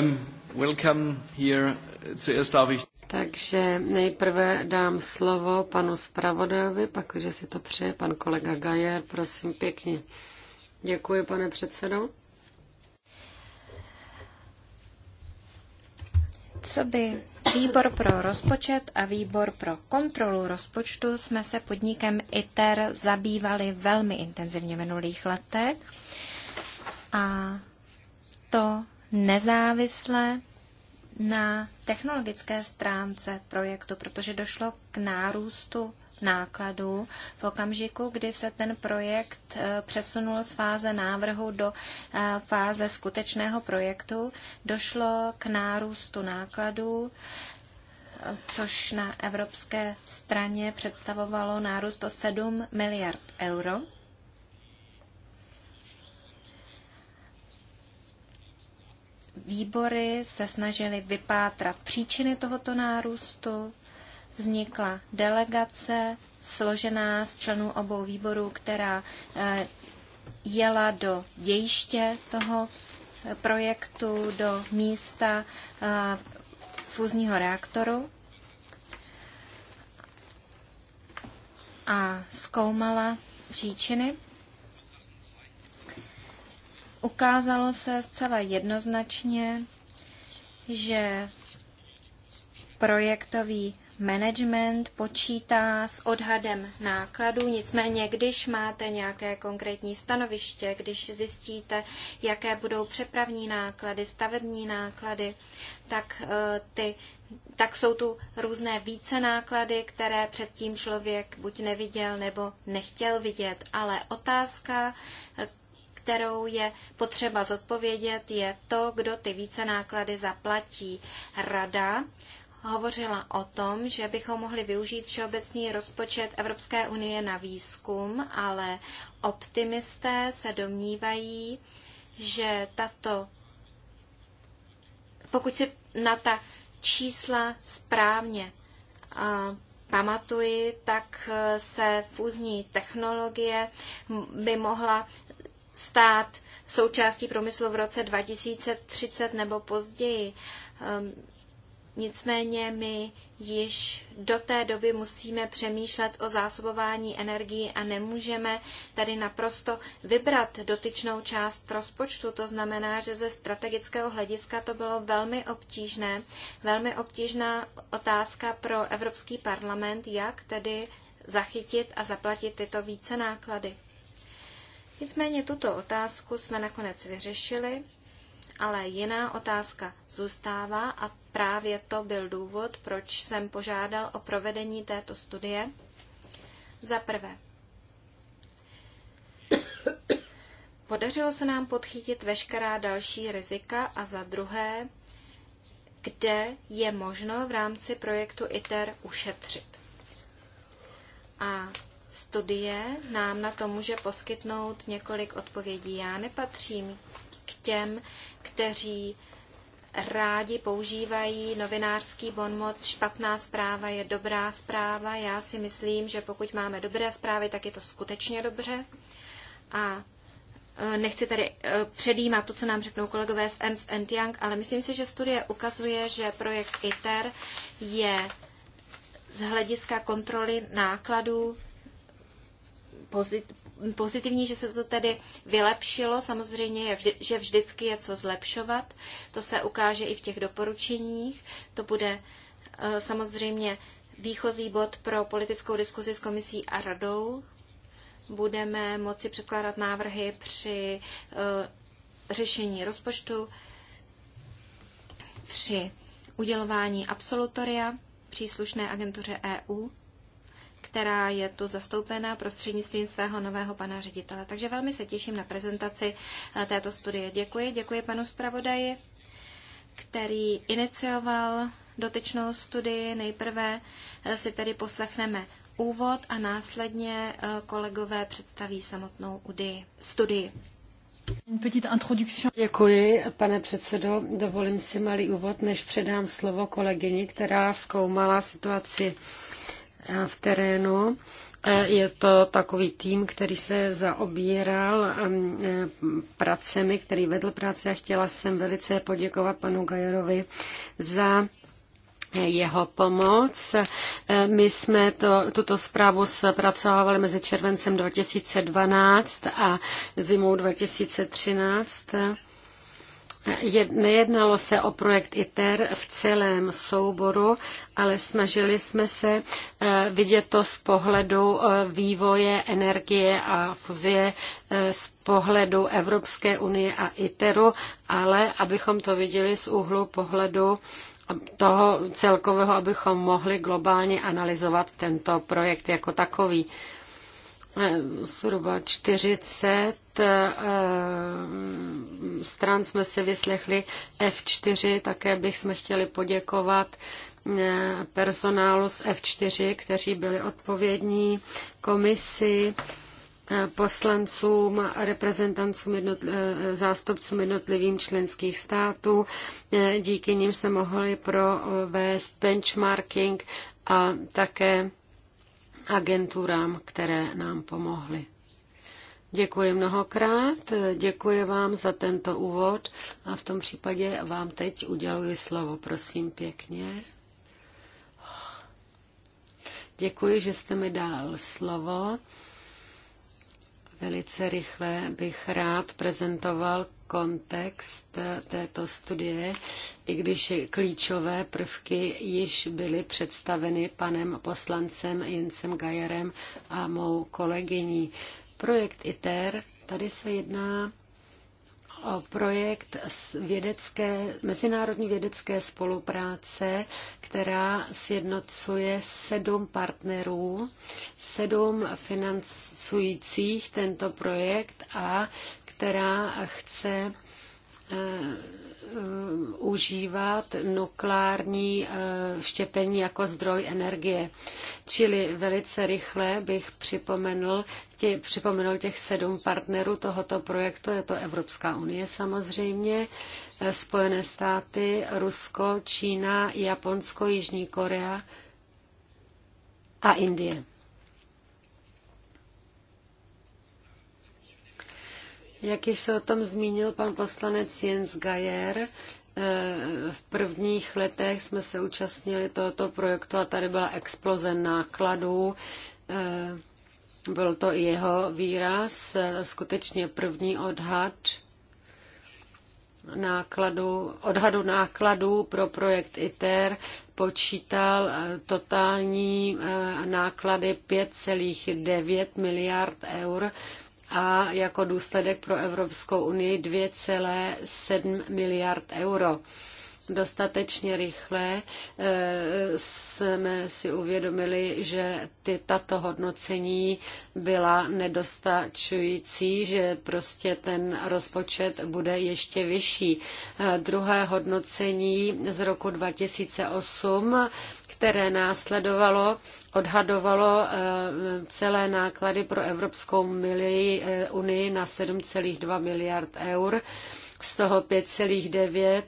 Um, welcome here. Zuerst darf ich... Takže nejprve dám slovo panu zpravodajovi, pak, si to přeje, pan kolega Gajer, prosím pěkně. Děkuji, pane předsedo. Co by výbor pro rozpočet a výbor pro kontrolu rozpočtu jsme se podnikem ITER zabývali velmi intenzivně v minulých letech. A to nezávisle na technologické stránce projektu, protože došlo k nárůstu nákladů v okamžiku, kdy se ten projekt eh, přesunul z fáze návrhu do eh, fáze skutečného projektu, došlo k nárůstu nákladů, eh, což na evropské straně představovalo nárůst o 7 miliard euro. výbory se snažily vypátrat příčiny tohoto nárůstu. Vznikla delegace složená z členů obou výborů, která eh, jela do dějiště toho eh, projektu, do místa eh, fúzního reaktoru a zkoumala příčiny ukázalo se zcela jednoznačně, že projektový management počítá s odhadem nákladů, nicméně když máte nějaké konkrétní stanoviště, když zjistíte, jaké budou přepravní náklady, stavební náklady, tak, eh, ty, tak jsou tu různé více náklady, které předtím člověk buď neviděl nebo nechtěl vidět. Ale otázka, kterou je potřeba zodpovědět, je to, kdo ty více náklady zaplatí. Rada hovořila o tom, že bychom mohli využít všeobecný rozpočet Evropské unie na výzkum, ale optimisté se domnívají, že tato, pokud si na ta čísla správně pamatuji, tak e, se fúzní technologie by mohla stát součástí průmyslu v roce 2030 nebo později. Ehm, nicméně my již do té doby musíme přemýšlet o zásobování energií a nemůžeme tady naprosto vybrat dotyčnou část rozpočtu. To znamená, že ze strategického hlediska to bylo velmi obtížné, velmi obtížná otázka pro Evropský parlament, jak tedy zachytit a zaplatit tyto více náklady. Nicméně tuto otázku jsme nakonec vyřešili, ale jiná otázka zůstává a právě to byl důvod, proč jsem požádal o provedení této studie. Za prvé, podařilo se nám podchytit veškerá další rizika a za druhé, kde je možno v rámci projektu ITER ušetřit. A studie nám na to může poskytnout několik odpovědí. Já nepatřím k těm, kteří rádi používají novinářský bonmot špatná zpráva je dobrá zpráva. Já si myslím, že pokud máme dobré zprávy, tak je to skutečně dobře. A e, nechci tady e, předjímat to, co nám řeknou kolegové z Ernst Young, ale myslím si, že studie ukazuje, že projekt ITER je z hlediska kontroly nákladů pozitivní, že se to tedy vylepšilo. Samozřejmě, je vždy, že vždycky je co zlepšovat. To se ukáže i v těch doporučeních. To bude eh, samozřejmě výchozí bod pro politickou diskuzi s komisí a radou. Budeme moci předkládat návrhy při eh, řešení rozpočtu, při udělování absolutoria příslušné agentuře EU která je tu zastoupena prostřednictvím svého nového pana ředitele. Takže velmi se těším na prezentaci eh, této studie. Děkuji, děkuji panu zpravodaji, který inicioval dotyčnou studii. Nejprve eh, si tedy poslechneme úvod a následně eh, kolegové představí samotnou studii. Děkuji, pane předsedo. Dovolím si malý úvod, než předám slovo kolegyni, která zkoumala situaci v terénu. E, je to takový tým, který se zaobíral e, pracemi, který vedl práci a chtěla jsem velice poděkovat panu Gajerovi za jeho pomoc. E, my jsme to, tuto zprávu zpracovávali mezi červencem 2012 a zimou 2013 Nejednalo se o projekt ITER v celém souboru, ale snažili jsme se eh, vidět to z pohledu eh, vývoje energie a fuzie eh, z pohledu Evropské unie a ITERu, ale abychom to viděli z úhlu pohledu toho celkového, abychom mohli globálně analyzovat tento projekt jako takový zhruba 40 eh, stran jsme si vyslechli F4, také bychom chtěli poděkovat eh, personálu z F4, kteří byli odpovědní komisi, eh, poslancům, reprezentancům, zástupcům jednotlivým členských států. Díky nim se mohli provést benchmarking a také agenturám, které nám pomohly. Děkuji mnohokrát, děkuji vám za tento úvod a v tom případě vám teď uděluji slovo, prosím pěkně. Děkuji, že jste mi dal slovo. Velice rychle bych rád prezentoval kontext této studie, i když klíčové prvky již byly představeny panem poslancem Jensem Gajerem a mou kolegyní. Projekt ITER, tady se jedná o projekt vědecké, mezinárodní vědecké spolupráce, která sjednocuje sedm partnerů, sedm financujících tento projekt a která chce eh, eh, užívat nukleární eh, štěpení jako zdroj energie. Čili velice rychle bych připomenul, tě, připomenul těch sedm partnerů tohoto projektu. Je to Evropská unie samozřejmě, Spojené státy, Rusko, Čína, Japonsko, Jižní Korea a Indie. Jak již se o tom zmínil pan poslanec Jens Gajer, eh, v prvních letech jsme se účastnili tohoto projektu a tady byla exploze nákladů. Eh, byl to i jeho výraz, eh, skutečně první odhad nákladu, odhadu nákladů pro projekt ITER počítal totální náklady 5,9 miliard eur a jako důsledek pro Evropskou unii 2,7 miliard euro dostatečně rychle eh, jsme si uvědomili, že ty, tato hodnocení byla nedostačující, že prostě ten rozpočet bude ještě vyšší. Eh, druhé hodnocení z roku 2008 které následovalo, odhadovalo eh, celé náklady pro Evropskou eh, unii na 7,2 miliard eur, z toho 5,9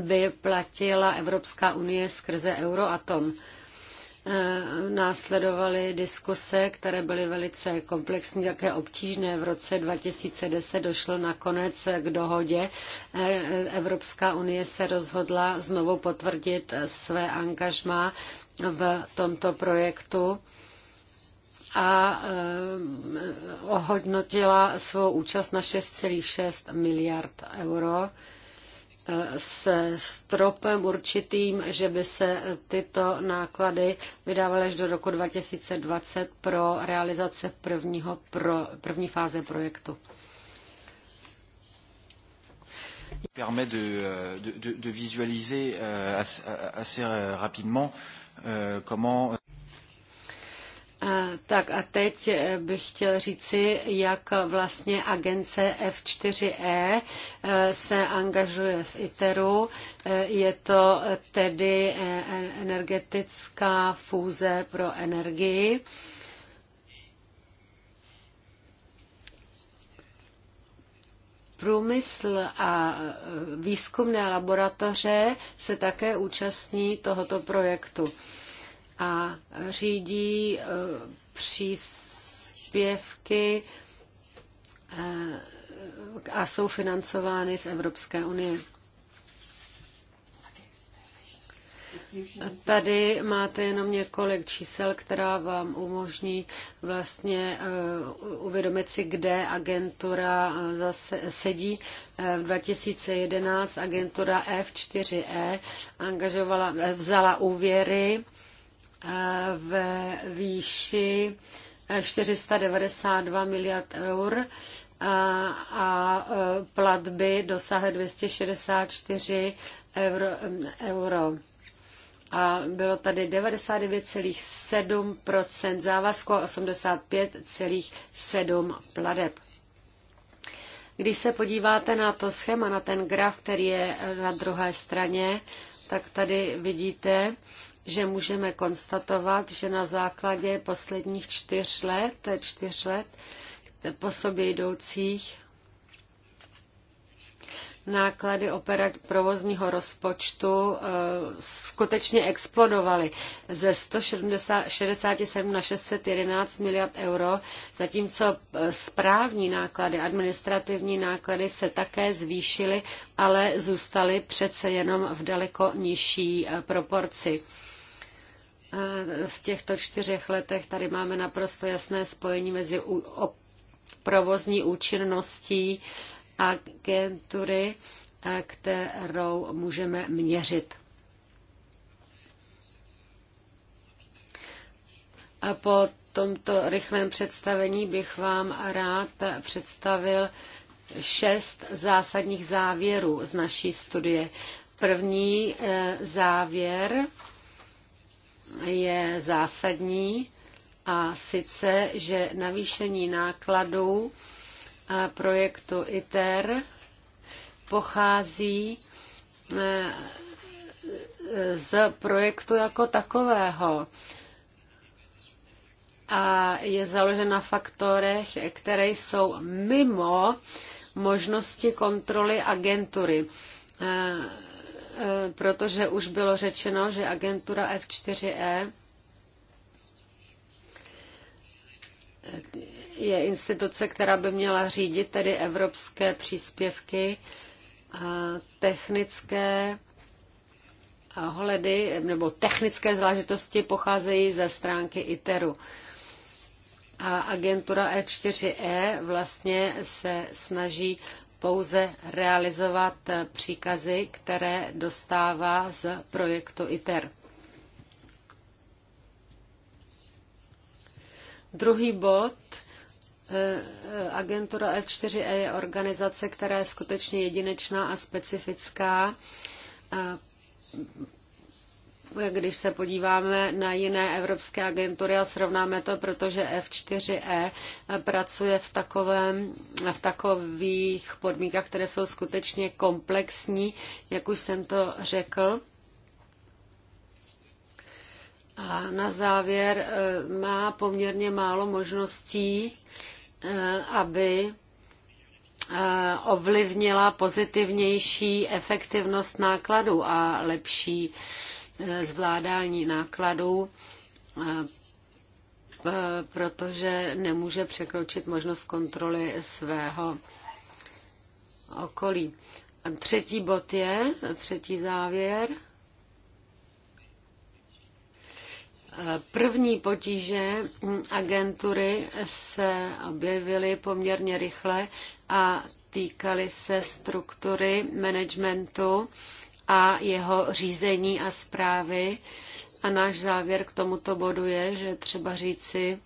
by platila Evropská unie skrze Euroatom. Eh, následovaly diskuse, které byly velice komplexní, také obtížné. V roce 2010 došlo nakonec k dohodě. Eh, Evropská unie se rozhodla znovu potvrdit eh, své angažmá v tomto projektu a ohodnotila svou účast na 6,6 miliard euro se stropem určitým, že by se tyto náklady vydávaly až do roku 2020 pro realizace prvního pro, první fáze projektu. permet de, de, de, de visualiser euh, assez, assez rapidement euh, comment tak a teď eh, bych chtěl říci, jak vlastně agence F4E eh, se angažuje v ITERu. Eh, je to tedy energetická fúze pro energii. Průmysl a výzkumné laboratoře se také účastní tohoto projektu a řídí eh, příspěvky eh, a jsou financovány z Evropské unie. Tady máte jenom několik čísel, která vám umožní vlastně eh, uvědomit si, kde agentura zase sedí. V 2011 agentura F4E angažovala, vzala úvěry ve výši 492 eh, miliard eur eh, a, eh, platby dosáhly 264 euro. A bylo tady 99,7 závazku a 85,7 pladeb. Když se podíváte na to schéma, na ten graf, který je na druhé straně, tak tady vidíte, že můžeme konstatovat, že na základě posledních čtyř let, čtyř let po sobě jdoucích náklady operat provozního rozpočtu uh, skutečně explodovaly ze 167 na 611 miliard euro, zatímco eh, správní náklady, administrativní náklady se také zvýšily, ale zůstaly přece jenom v daleko nižší eh, proporci. Eh, v těchto čtyřech letech tady máme naprosto jasné spojení mezi provozní účinností agentury, eh, kterou můžeme měřit. A po tomto rychlém představení bych vám rád představil šest zásadních závěrů z naší studie. První eh, závěr je zásadní a sice, že navýšení nákladů projektu ITER pochází eh, z projektu jako takového a je založen na faktorech, které jsou mimo možnosti kontroly agentury. Eh, Eh, protože už bylo řečeno, že agentura F4E eh, je instituce, která by měla řídit tedy evropské příspěvky a technické ohledy nebo technické záležitosti pocházejí ze stránky ITERu. A agentura E4E vlastně se snaží pouze realizovat eh, příkazy, které dostává z projektu ITER. Druhý bod. Eh, eh, agentura F4E je organizace, která je skutečně jedinečná a specifická když se podíváme na jiné evropské agentury a srovnáme to, protože F4E pracuje v, takovém, v takových podmínkách, které jsou skutečně komplexní, jak už jsem to řekl. A na závěr e, má poměrně málo možností, e, aby e, ovlivnila pozitivnější efektivnost nákladů a lepší Eh, zvládání nákladů, eh, protože nemůže překročit možnost kontroly svého okolí. A třetí bod je, třetí závěr. První potíže agentury se objevily poměrně rychle a týkaly se struktury managementu a jeho řízení a zprávy. A náš závěr k tomuto bodu je, že třeba říci,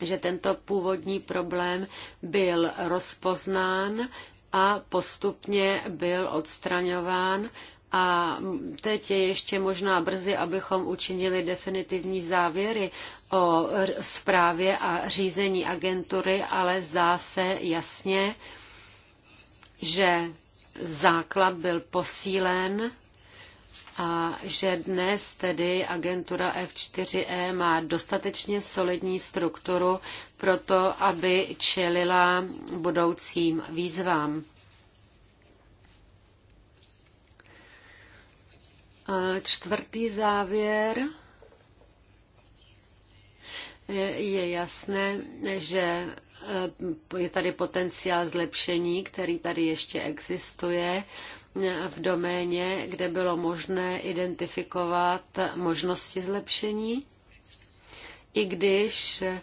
že tento původní problém byl rozpoznán a postupně byl odstraňován a teď je ještě možná brzy, abychom učinili definitivní závěry o zprávě a řízení agentury, ale zdá se jasně, že základ byl posílen a že dnes tedy agentura F4E má dostatečně solidní strukturu pro to, aby čelila budoucím výzvám. Čtvrtý závěr je jasné, že eh, je tady potenciál zlepšení, který tady ještě existuje eh, v doméně, kde bylo možné identifikovat možnosti zlepšení. I když eh,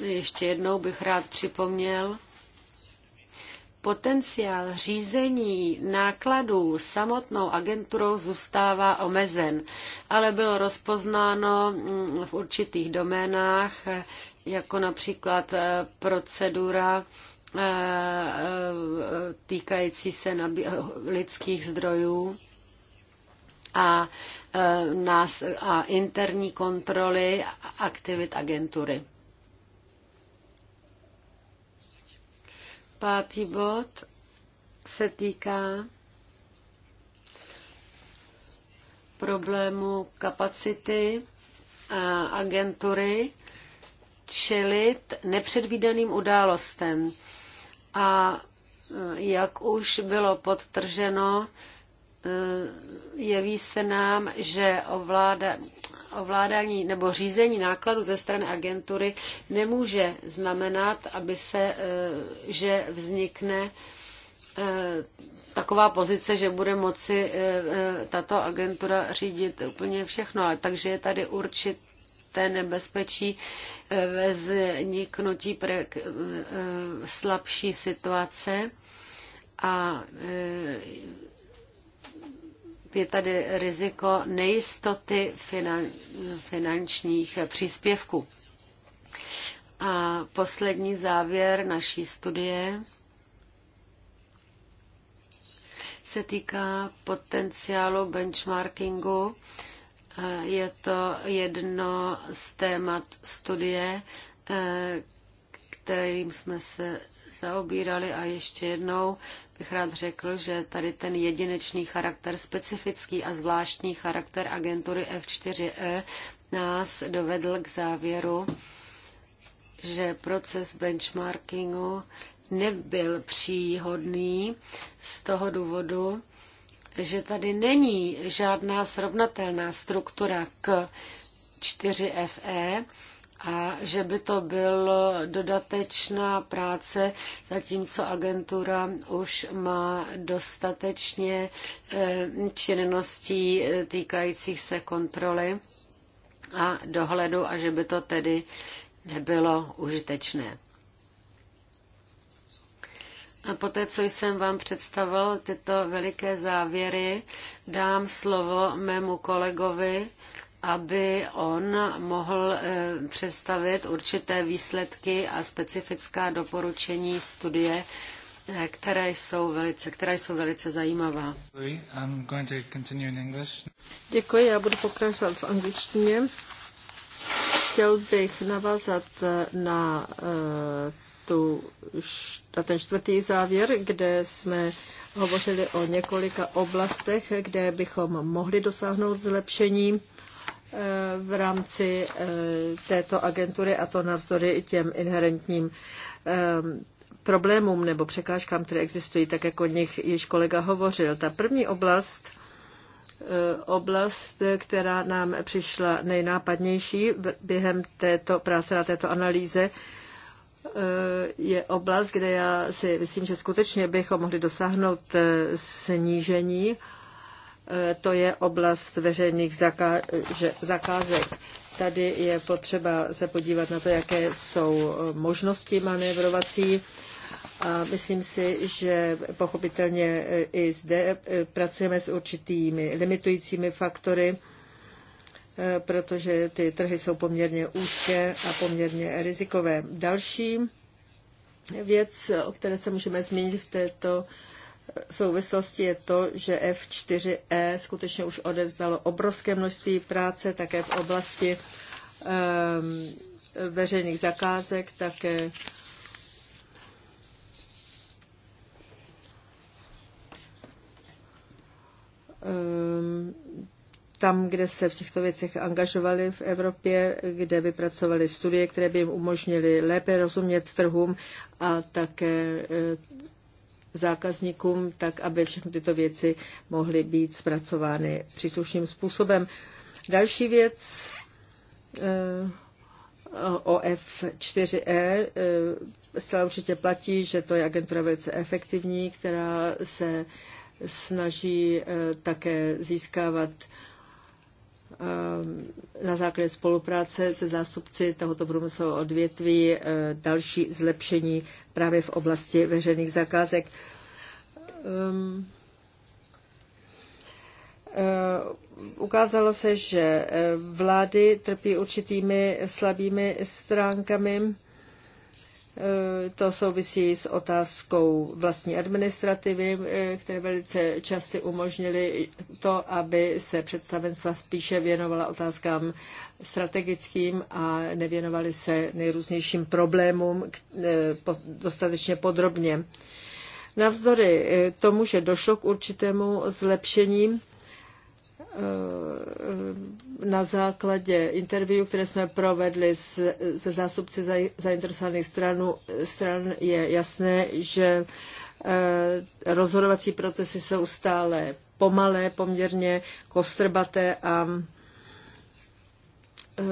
ještě jednou bych rád připomněl, Potenciál řízení nákladů samotnou agenturou zůstává omezen, ale bylo rozpoznáno mm, v určitých doménách, jako například eh, procedura eh, eh, týkající se lidských zdrojů a, nás, a interní kontroly aktivit agentury. Pátý bod se týká problému kapacity agentury čelit nepředvídaným událostem. A eh, jak už bylo podtrženo, eh, jeví se nám, že ovláda, ovládání nebo řízení nákladu ze strany agentury nemůže znamenat, aby se, eh, že vznikne eh, taková pozice, že bude moci eh, tato agentura řídit úplně všechno. Takže je tady určité nebezpečí ve vzniknutí slabší situace a je tady riziko nejistoty finan, finančních příspěvků. A poslední závěr naší studie se týká potenciálu benchmarkingu. Je to jedno z témat studie, eh, kterým jsme se zaobírali a ještě jednou bych rád řekl, že tady ten jedinečný charakter, specifický a zvláštní charakter agentury F4E nás dovedl k závěru, že proces benchmarkingu nebyl příhodný z toho důvodu, že tady není žádná srovnatelná struktura k 4FE, a že by to bylo dodatečná práce, zatímco agentura už má dostatečně eh, činností eh, týkajících se kontroly a dohledu a že by to tedy nebylo užitečné. A poté, co jsem vám představil tyto veliké závěry, dám slovo mému kolegovi, aby on mohl eh, představit určité výsledky a specifická doporučení studie, eh, které jsou velice, které jsou velice zajímavá. Děkuji, já budu pokračovat v angličtině. Chtěl bych navázat eh, na, tu, na ten čtvrtý závěr, kde jsme hovořili o několika oblastech, kde bychom mohli dosáhnout zlepšení v rámci eh, této agentury a to navzdory i těm inherentním eh, problémům nebo překážkám, které existují, tak jako o nich již kolega hovořil. Ta první oblast, eh, oblast, která nám přišla nejnápadnější během této práce a této analýze, je oblast, kde já si myslím, že skutečně bychom mohli dosáhnout snížení Eh, to je oblast veřejných zakázek. Tady je potřeba se podívat na to, jaké jsou eh, možnosti manévrovací. A myslím si, že pochopitelně eh, i zde pracujeme s určitými limitujícími faktory, protože ty trhy jsou poměrně úzké a poměrně rizikové. Další věc, o které se můžeme zmínit v této souvislosti je to, že F4E skutečně už odevzdalo obrovské množství práce také v oblasti um, veřejných zakázek, také um, tam, kde se v těchto věcech angažovali v Evropě, kde vypracovali studie, které by jim umožnily lépe rozumět trhům a také eh, zákazníkům, tak aby všechny tyto věci mohly být zpracovány příslušným způsobem. Další věc eh, o F4E eh, zcela určitě platí, že to je agentura velice efektivní, která se snaží eh, také získávat Eh, na základě spolupráce se zástupci tohoto průmyslového odvětví eh, další zlepšení právě v oblasti veřejných zakázek. Ehm, eh, ukázalo se, že vlády trpí určitými slabými stránkami Eh, to souvisí s otázkou vlastní administrativy, eh, které velice často umožnily to, aby se představenstva spíše věnovala otázkám strategickým a nevěnovaly se nejrůznějším problémům eh, dostatečně podrobně. Navzdory tomu, že došlo k určitému zlepšení, Eh, na základě interview, které jsme provedli se zástupci zainteresovaných stranu, stran, je jasné, že eh, rozhodovací procesy jsou stále pomalé, poměrně kostrbaté a eh,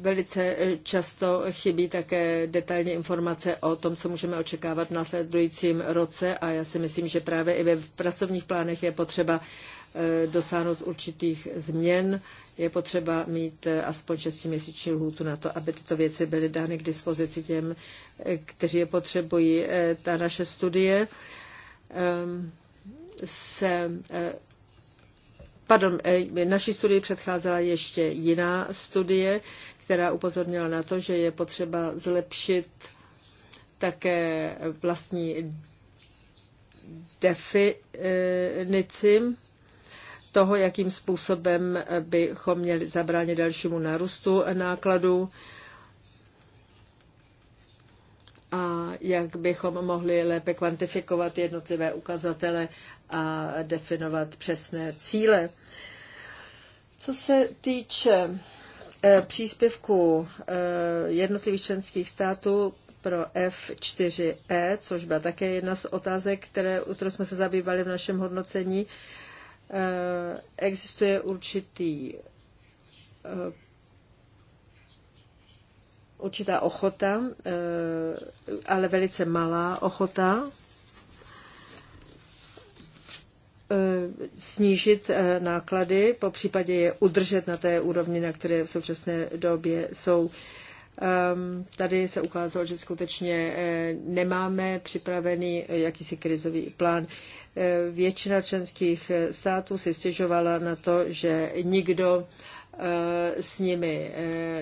velice často chybí také detailní informace o tom, co můžeme očekávat v následujícím roce a já si myslím, že právě i ve pracovních plánech je potřeba Eh, dosáhnout určitých změn, je potřeba mít eh, aspoň 6 měsíční lhůtu na to, aby tyto věci byly dány k dispozici těm, eh, kteří je potřebují. Ta naše studie ehm, se Pardon, naší studii předcházela ještě jiná studie, která upozornila na to, že je potřeba zlepšit také vlastní definici toho, jakým způsobem bychom měli zabránit dalšímu nárůstu nákladů a jak bychom mohli lépe kvantifikovat jednotlivé ukazatele a definovat přesné cíle. Co se týče eh, příspěvku eh, jednotlivých členských států pro F4E, což byla také jedna z otázek, které, kterou jsme se zabývali v našem hodnocení, Eh, existuje určitý eh, určitá ochota, eh, ale velice malá ochota snížit náklady, po případě je udržet na té úrovni, na které v současné době jsou. Ehm, tady se ukázalo, že skutečně nemáme připravený jakýsi krizový plán. Eh, většina členských eh, států si stěžovala na to, že nikdo eh, s nimi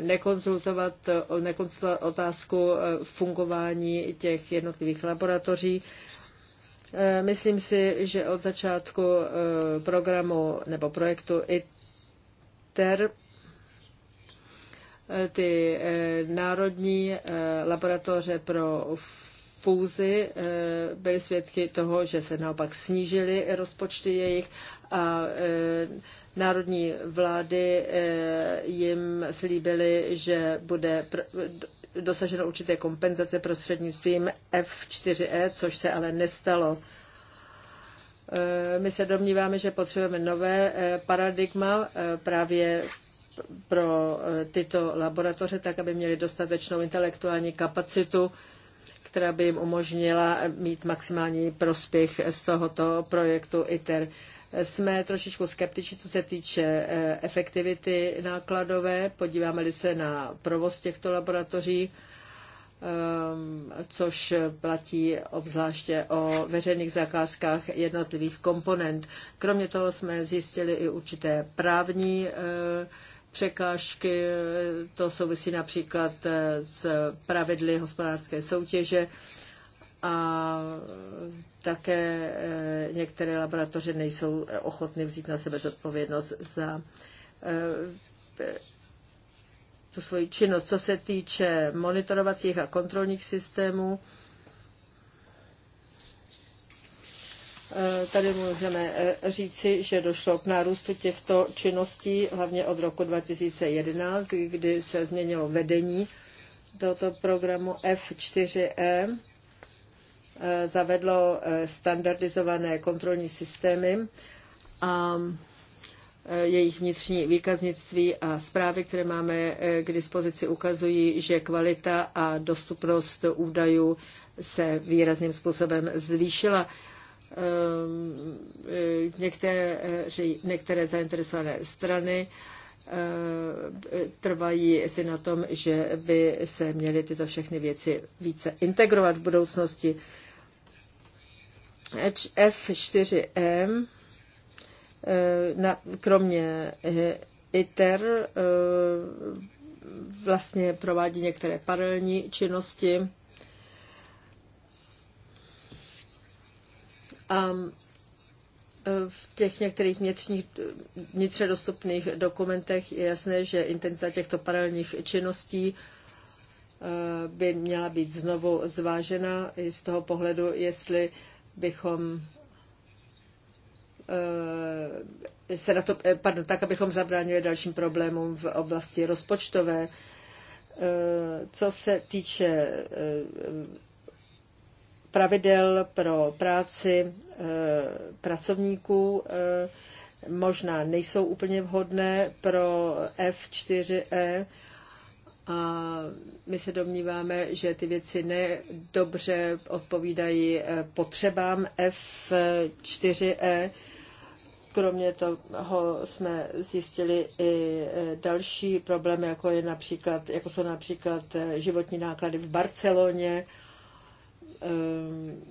nekonzultovat, nekonzultovat otázku fungování těch jednotlivých laboratoří. Myslím si, že od začátku programu nebo projektu ITER ty národní laboratoře pro fúzi eh, byli svědky toho, že se naopak snížily rozpočty jejich a eh, národní vlády eh, jim slíbily, že bude dosaženo určité kompenzace prostřednictvím F4E, což se ale nestalo. My se domníváme, že potřebujeme nové paradigma právě pro tyto laboratoře, tak aby měly dostatečnou intelektuální kapacitu která by jim umožnila mít maximální prospěch z tohoto projektu ITER. Jsme trošičku skeptičtí, co se týče eh, efektivity nákladové. Podíváme-li se na provoz těchto laboratoří, ehm, což platí obzvláště o veřejných zakázkách jednotlivých komponent. Kromě toho jsme zjistili i určité právní eh, překážky, to souvisí například eh, s pravidly hospodářské soutěže a také eh, některé laboratoře nejsou eh, ochotny vzít na sebe zodpovědnost za tu svoji činnost. Co se týče monitorovacích a kontrolních systémů, Eh, tady můžeme eh, říci, že došlo k nárůstu těchto činností, hlavně od roku 2011, kdy se změnilo vedení tohoto programu F4E. Eh, zavedlo standardizované kontrolní systémy a jejich vnitřní výkaznictví a zprávy, které máme k dispozici, ukazují, že kvalita a dostupnost údajů se výrazným způsobem zvýšila. Ehm, e, některé zainteresované strany ehm, e, trvají si na tom, že by se měly tyto všechny věci více integrovat v budoucnosti. F4M, ehm, kromě ITER, vlastně provádí některé paralelní činnosti a e, v těch některých vnitřních, vnitře dostupných dokumentech je jasné, že intenzita těchto paralelních činností e, by měla být znovu zvážena i z toho pohledu, jestli bychom e, se na to, pardon, tak, abychom zabránili dalším problémům v oblasti rozpočtové. Co se týče pravidel pro práci eh, pracovníků eh, možná nejsou úplně vhodné pro F4E a my se domníváme, že ty věci nedobře odpovídají eh, potřebám F4E. Kromě toho jsme zjistili i další problémy, jako, je například, jako jsou například životní náklady v Barceloně, Ehm,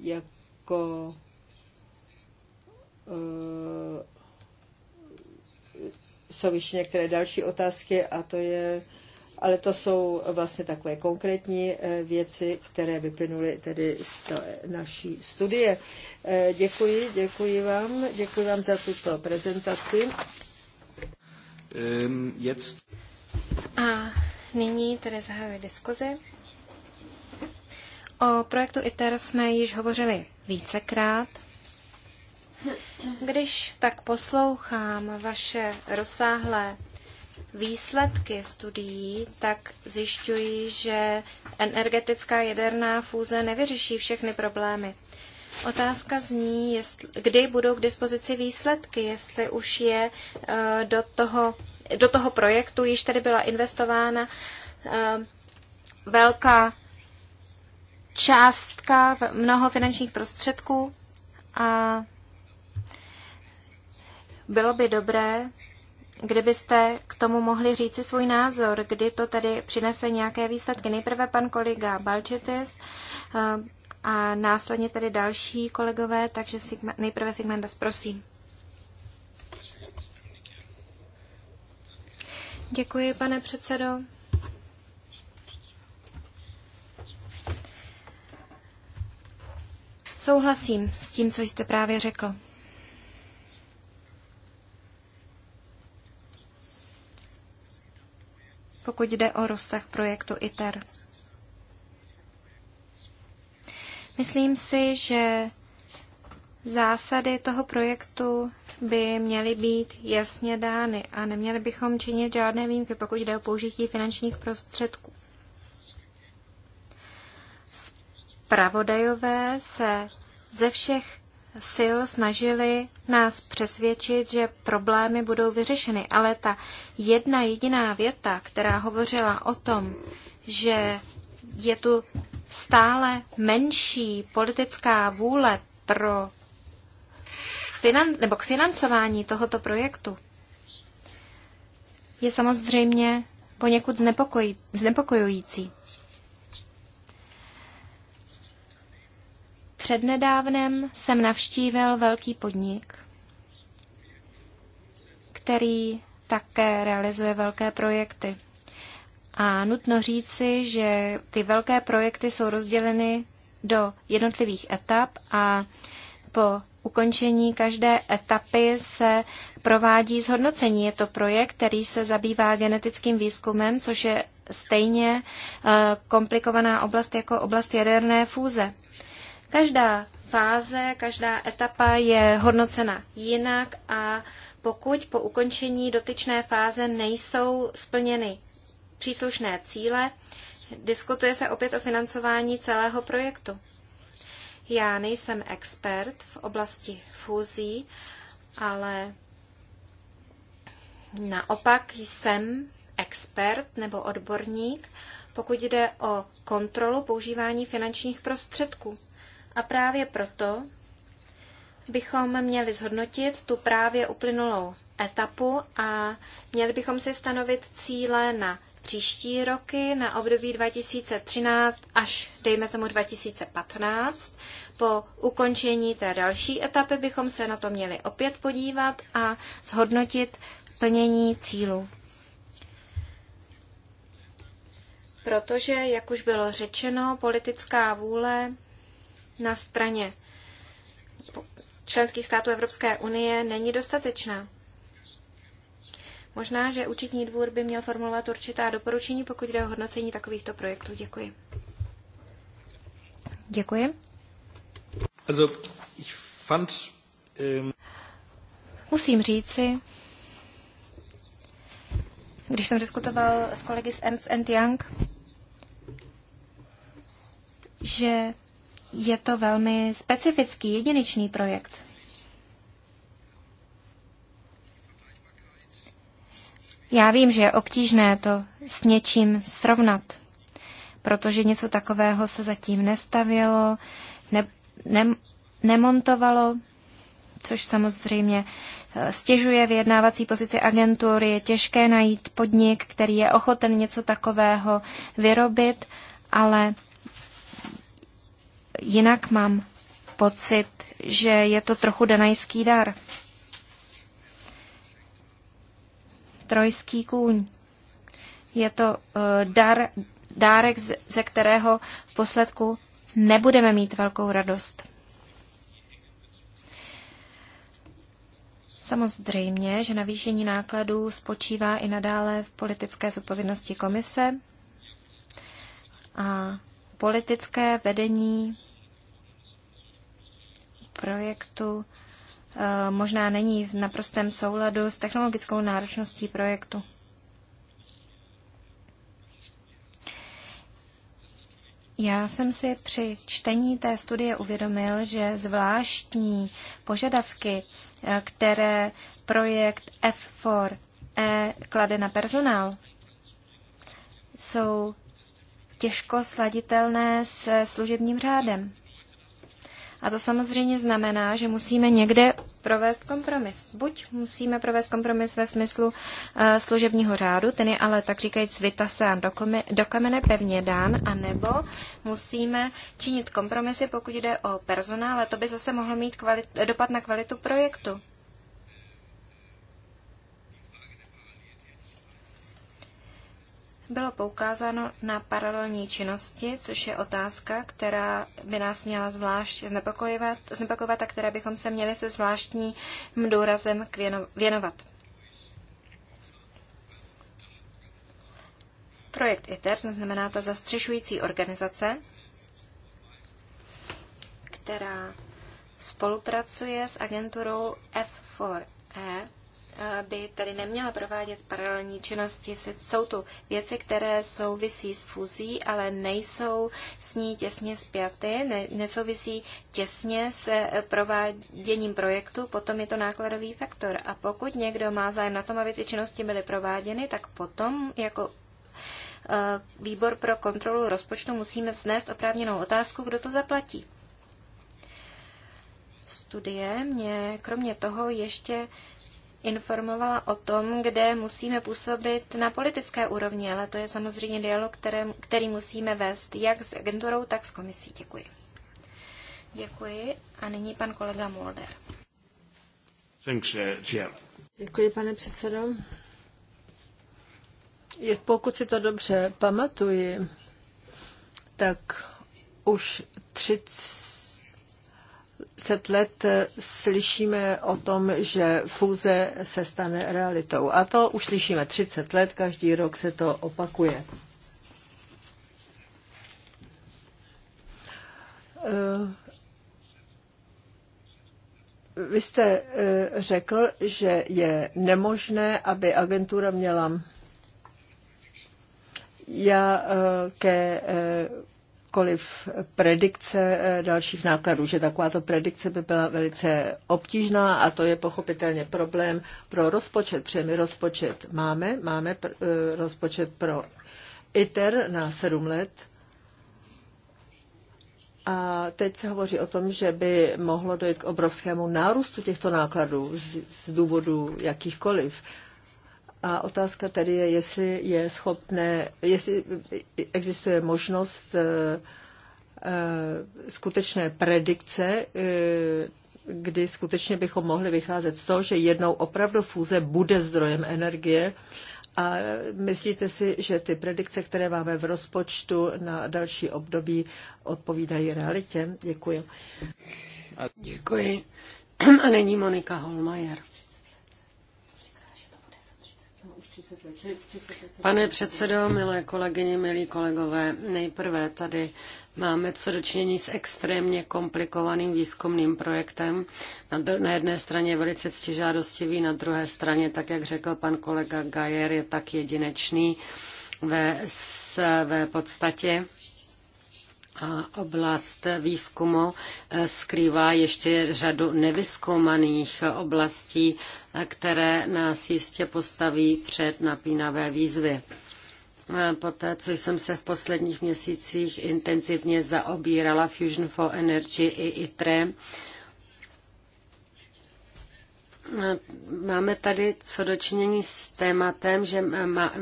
jako eh, jsou ještě některé další otázky a to je, ale to jsou vlastně takové konkrétní eh, věci, které vyplynuly tedy z eh, naší studie. Děkuji, děkuji vám, děkuji vám za tuto prezentaci. Um, jetzt. A nyní tedy zahajuji diskuzi. O projektu ITER jsme již hovořili vícekrát. Když tak poslouchám vaše rozsáhlé výsledky studií, tak zjišťuji, že energetická jaderná fúze nevyřeší všechny problémy. Otázka zní, jestli, kdy budou k dispozici výsledky, jestli už je uh, do, toho, do toho projektu již tedy byla investována uh, velká částka, mnoho finančních prostředků a bylo by dobré, kdybyste k tomu mohli říci svůj názor, kdy to tedy přinese nějaké výsledky. Nejprve pan kolega Balčetis eh, a následně tedy další kolegové, takže nejprve Sigmandas, prosím. Děkuji, pane předsedo. Souhlasím s tím, co jste právě řekl. pokud jde o rozsah projektu ITER. Myslím si, že zásady toho projektu by měly být jasně dány a neměli bychom činit žádné výjimky, pokud jde o použití finančních prostředků. zpravodajové se ze všech sil snažili nás přesvědčit, že problémy budou vyřešeny, ale ta jedna jediná věta, která hovořila o tom, že je tu stále menší politická vůle pro finan- nebo k financování tohoto projektu, je samozřejmě poněkud znepokojující. Přednedávnem jsem navštívil velký podnik, který také realizuje velké projekty. A nutno říci, že ty velké projekty jsou rozděleny do jednotlivých etap a po ukončení každé etapy se provádí zhodnocení. Je to projekt, který se zabývá genetickým výzkumem, což je stejně eh, komplikovaná oblast jako oblast jaderné fúze. Každá fáze, každá etapa je hodnocena jinak a pokud po ukončení dotyčné fáze nejsou splněny příslušné cíle, diskutuje se opět o financování celého projektu. Já nejsem expert v oblasti fúzí, ale naopak jsem expert nebo odborník, pokud jde o kontrolu používání finančních prostředků. A právě proto bychom měli zhodnotit tu právě uplynulou etapu a měli bychom si stanovit cíle na příští roky, na období 2013 až, dejme tomu, 2015. Po ukončení té další etapy bychom se na to měli opět podívat a zhodnotit plnění cílu. Protože, jak už bylo řečeno, politická vůle na straně členských států Evropské unie není dostatečná. Možná, že účetní dvůr by měl formulovat určitá doporučení, pokud jde o hodnocení takovýchto projektů. Děkuji. Děkuji. Also, ich fand, um... Musím říci, když jsem diskutoval s kolegy z Ernst Young, že je to velmi specifický, jedinečný projekt. Já vím, že je obtížné to s něčím srovnat, protože něco takového se zatím nestavilo, ne, ne, nemontovalo, což samozřejmě eh, stěžuje vyjednávací pozici agentury. Je těžké najít podnik, který je ochoten něco takového vyrobit, ale jinak mám pocit, že je to trochu danajský dar. Trojský kůň. Je to eh, dar, dárek, ze kterého v posledku nebudeme mít velkou radost. Samozřejmě, že navýšení nákladů spočívá i nadále v politické zodpovědnosti komise a politické vedení projektu eh, možná není v naprostém souladu s technologickou náročností projektu. Já jsem si při čtení té studie uvědomil, že zvláštní požadavky, eh, které projekt F4E klade na personál, jsou těžko sladitelné se služebním řádem. A to samozřejmě znamená, že musíme někde provést kompromis. Buď musíme provést kompromis ve smyslu uh, služebního řádu, ten je ale tak říkajíc cvita se a do kamene pevně dán, anebo musíme činit kompromisy, pokud jde o personál, ale to by zase mohlo mít kvalit, dopad na kvalitu projektu. bylo poukázáno na paralelní činnosti, což je otázka, která by nás měla zvlášť znepokojovat, znepokojovat a které bychom se měli se zvláštním důrazem věnovat. Projekt ITER, to znamená ta zastřešující organizace, která spolupracuje s agenturou F4E, by tedy neměla provádět paralelní činnosti. Jsou tu věci, které souvisí s fuzí, ale nejsou s ní těsně zpěty, ne, nesouvisí těsně s e, prováděním projektu, potom je to nákladový faktor. A pokud někdo má zájem na tom, aby ty činnosti byly prováděny, tak potom jako e, výbor pro kontrolu rozpočtu musíme vznést oprávněnou otázku, kdo to zaplatí. Studie mě kromě toho ještě informovala o tom, kde musíme působit na politické úrovni, ale to je samozřejmě dialog, které, který musíme vést jak s agenturou, tak s komisí. Děkuji. Děkuji. A nyní pan kolega Mulder. Děkuji, pane předsedo. Je, pokud si to dobře pamatuji, tak už 30 20 let eh, slyšíme o tom, že fúze se stane realitou. A to už slyšíme 30 let, každý rok se to opakuje. Eh, vy jste eh, řekl, že je nemožné, aby agentura měla já ke jakákoliv predikce eh, dalších nákladů, že takováto predikce by byla velice obtížná a to je pochopitelně problém pro rozpočet, protože my rozpočet máme, máme eh, rozpočet pro ITER na sedm let, a teď se hovoří o tom, že by mohlo dojít k obrovskému nárůstu těchto nákladů z, z důvodu jakýchkoliv. A otázka tady je, jestli je schopné, jestli existuje možnost eh, eh, skutečné predikce, eh, kdy skutečně bychom mohli vycházet z toho, že jednou opravdu fúze bude zdrojem energie. A myslíte si, že ty predikce, které máme v rozpočtu na další období, odpovídají realitě? Děkuji. Děkuji. A není Monika Holmajer. Pane předsedo, milé kolegyně, milí kolegové, nejprve tady máme co dočinění s extrémně komplikovaným výzkumným projektem. Na, jedné straně velice ctižádostivý, na druhé straně, tak jak řekl pan kolega Gajer, je tak jedinečný ve své podstatě a oblast výzkumu eh, skrývá ještě řadu nevyskoumaných oblastí, eh, které nás jistě postaví před napínavé výzvy. Eh, poté, co jsem se v posledních měsících intenzivně zaobírala Fusion for Energy i ITRE, Máme tady co dočinění s tématem, že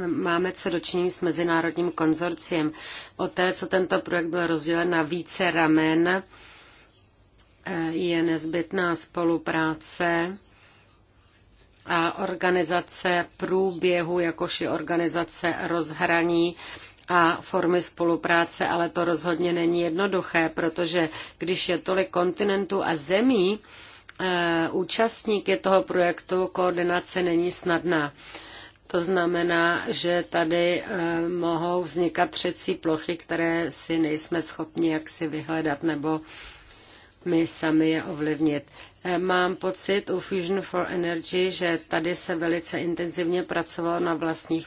máme co dočinění s mezinárodním konzorciem. O té, co tento projekt byl rozdělen na více ramen, je nezbytná spolupráce a organizace průběhu, jakož i organizace rozhraní a formy spolupráce, ale to rozhodně není jednoduché, protože když je tolik kontinentů a zemí, Eh, účastníky toho projektu koordinace není snadná. To znamená, že tady eh, mohou vznikat třecí plochy, které si nejsme schopni jak si vyhledat nebo my sami je ovlivnit. Eh, mám pocit u Fusion for Energy, že tady se velice intenzivně pracovalo na vlastních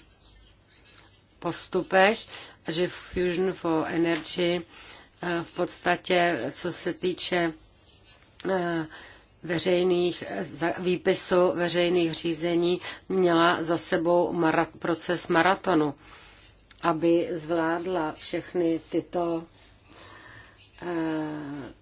postupech a že Fusion for Energy v podstatě, co se týče veřejných výpisů, veřejných řízení měla za sebou marat, proces maratonu, aby zvládla všechny tyto eh,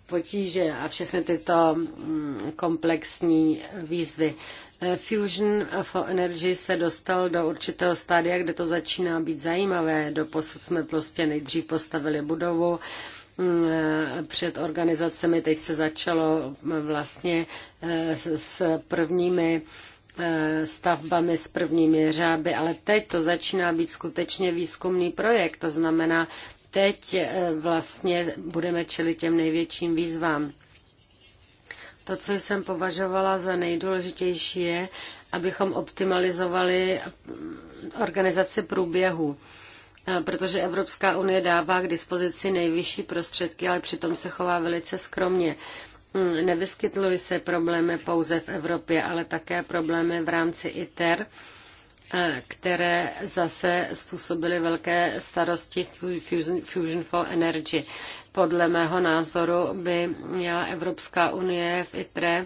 potíže a všechny tyto mm, komplexní výzvy. Eh, Fusion for Energy se dostal do určitého stádia, kde to začíná být zajímavé. Doposud jsme prostě nejdřív postavili budovu, před organizacemi. Teď se začalo vlastně eh, s prvními eh, stavbami s prvními řáby, ale teď to začíná být skutečně výzkumný projekt, to znamená, teď eh, vlastně budeme čelit těm největším výzvám. To, co jsem považovala za nejdůležitější, je, abychom optimalizovali mm, organizaci průběhu. Eh, protože Evropská unie dává k dispozici nejvyšší prostředky, ale přitom se chová velice skromně. Hm, Nevyskytlují se problémy pouze v Evropě, ale také problémy v rámci ITER, eh, které zase způsobily velké starosti Fusion, Fusion for Energy. Podle mého názoru by měla Evropská unie v ITER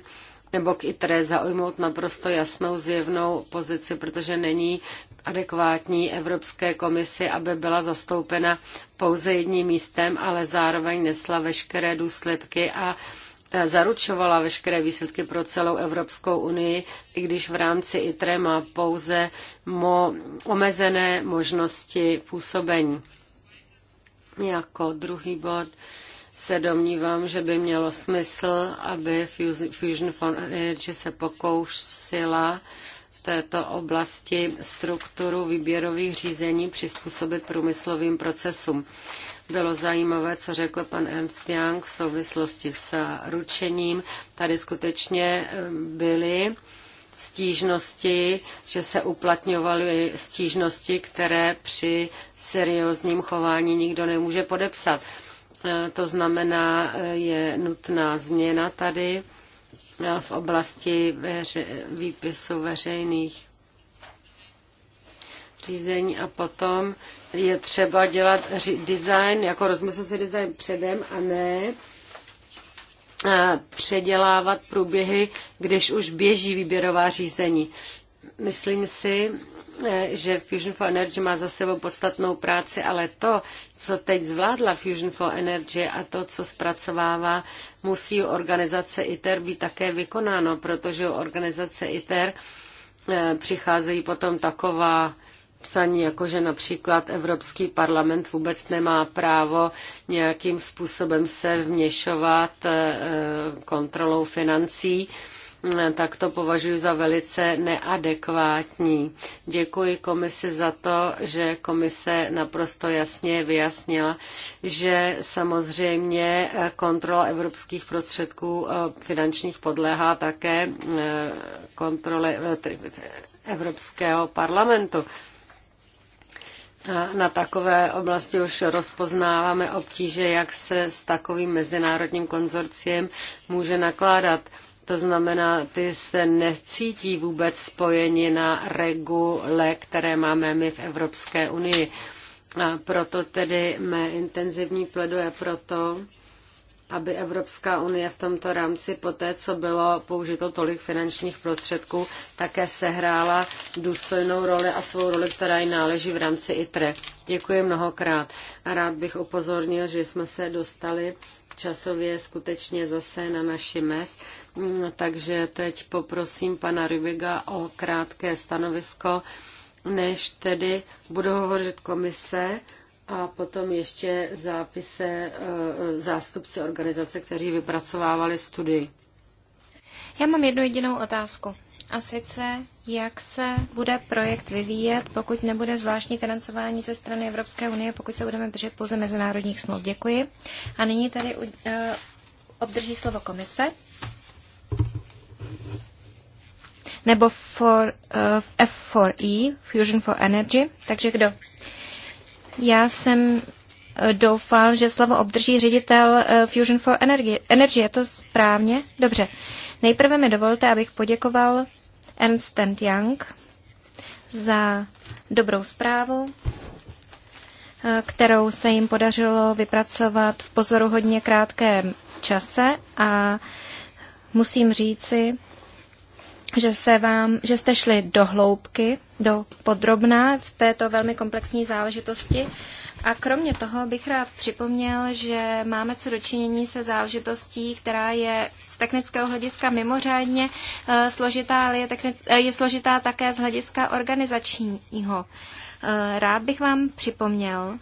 nebo k ITRE zaujmout naprosto jasnou zjevnou pozici, protože není adekvátní Evropské komisi, aby byla zastoupena pouze jedním místem, ale zároveň nesla veškeré důsledky a e, zaručovala veškeré výsledky pro celou Evropskou unii, i když v rámci ITRE má pouze mo- omezené možnosti působení. Jako druhý bod se domnívám, že by mělo smysl, aby Fusion Fund Energy se pokoušela uh, této oblasti strukturu výběrových řízení přizpůsobit průmyslovým procesům. Bylo zajímavé, co řekl pan Ernst Young v souvislosti s ručením. Tady skutečně eh, byly stížnosti, že se uplatňovaly stížnosti, které při seriózním chování nikdo nemůže podepsat. Eh, to znamená, eh, je nutná změna tady No, v oblasti veře, výpisu veřejných řízení a potom je třeba dělat design, jako rozmyslet si design předem a ne a předělávat průběhy, když už běží výběrová řízení. Myslím si, Eh, že Fusion for Energy má za sebou podstatnou práci, ale to, co teď zvládla Fusion for Energy a to, co zpracovává, musí u organizace ITER být také vykonáno, protože u organizace ITER eh, přicházejí potom taková psaní, jako že například Evropský parlament vůbec nemá právo nějakým způsobem se vměšovat eh, kontrolou financí tak to považuji za velice neadekvátní. Děkuji komisi za to, že komise naprosto jasně vyjasnila, že samozřejmě kontrola evropských prostředků eh, finančních podléhá také eh, kontrole eh, Evropského parlamentu. Na takové oblasti už rozpoznáváme obtíže, jak se s takovým mezinárodním konzorciem může nakládat. To znamená, ty se necítí vůbec spojeni na regule, které máme my v Evropské unii. A proto tedy mé intenzivní pleduje proto, aby Evropská unie v tomto rámci po té, co bylo použito tolik finančních prostředků, také sehrála důstojnou roli a svou roli, která jí náleží v rámci ITRE. Děkuji mnohokrát. A rád bych upozornil, že jsme se dostali časově skutečně zase na naši mes. Mm, takže teď poprosím pana Rybiga o krátké stanovisko, než tedy budu hovořit komise a potom ještě zápise eh, zástupci organizace, kteří vypracovávali studii. Já mám jednu jedinou otázku a sice jak se bude projekt vyvíjet, pokud nebude zvláštní financování ze strany Evropské unie, pokud se budeme držet pouze mezinárodních smluv. Děkuji. A nyní tady uh, obdrží slovo komise. Nebo for, uh, F4E, Fusion for Energy. Takže kdo? Já jsem uh, doufal, že slovo obdrží ředitel uh, Fusion for Energy. Energy, je to správně? Dobře. Nejprve mi dovolte, abych poděkoval Ernst Young za dobrou zprávu, eh, kterou se jim podařilo vypracovat v pozoru hodně krátkém čase a musím říci, že, se vám, že jste šli do hloubky, do podrobná v této velmi komplexní záležitosti a kromě toho bych rád připomněl, že máme co dočinění se záležitostí, která je z technického hlediska mimořádně eh, složitá, ale je, technic- eh, je složitá také z hlediska organizačního. Eh, rád bych vám připomněl,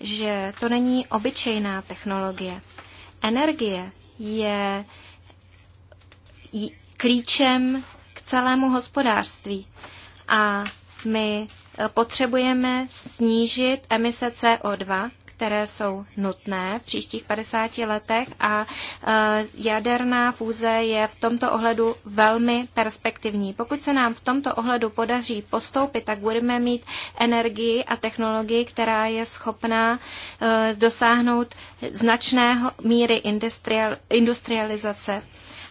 že to není obyčejná technologie. Energie je klíčem k celému hospodářství. A my potřebujeme snížit emise CO2, které jsou nutné v příštích 50 letech a e, jaderná fúze je v tomto ohledu velmi perspektivní. Pokud se nám v tomto ohledu podaří postoupit, tak budeme mít energii a technologii, která je schopná e, dosáhnout značného míry industrializace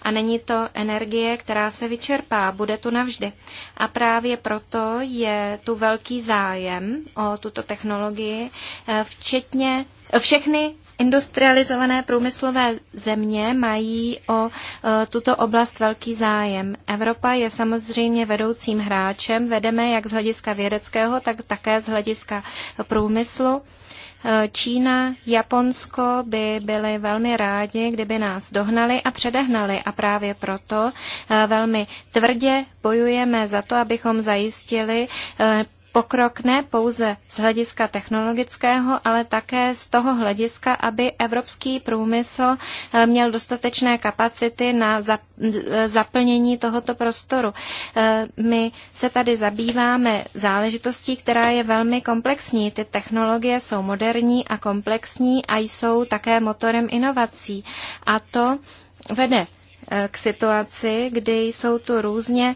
a není to energie, která se vyčerpá, bude tu navždy. A právě proto je tu velký zájem o tuto technologii, eh, včetně eh, všechny Industrializované průmyslové země mají o eh, tuto oblast velký zájem. Evropa je samozřejmě vedoucím hráčem, vedeme jak z hlediska vědeckého, tak také z hlediska průmyslu. Eh, Čína, Japonsko by byly velmi rádi, kdyby nás dohnali a předehnali a právě proto eh, velmi tvrdě bojujeme za to, abychom zajistili eh, pokrok ne pouze z hlediska technologického, ale také z toho hlediska, aby evropský průmysl eh, měl dostatečné kapacity na eh, zaplnění tohoto prostoru. Eh, my se tady zabýváme záležitostí, která je velmi komplexní. Ty technologie jsou moderní a komplexní a jsou také motorem inovací. A to vede k situaci, kdy jsou tu různě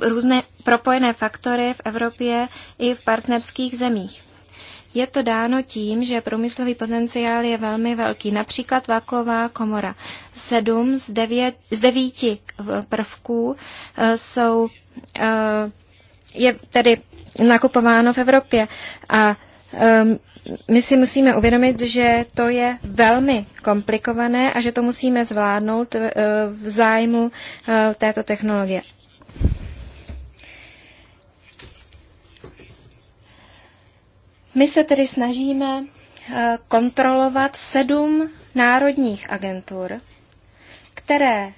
různé propojené faktory v Evropě i v partnerských zemích. Je to dáno tím, že průmyslový potenciál je velmi velký. Například vaková komora. Sedm z, devět, z devíti prvků eh, jsou, eh, je tedy nakupováno v Evropě. A ehm, my si musíme uvědomit, že to je velmi komplikované a že to musíme zvládnout eh, v zájmu této technologie. My se tedy snažíme eh, kontrolovat sedm národních agentur, které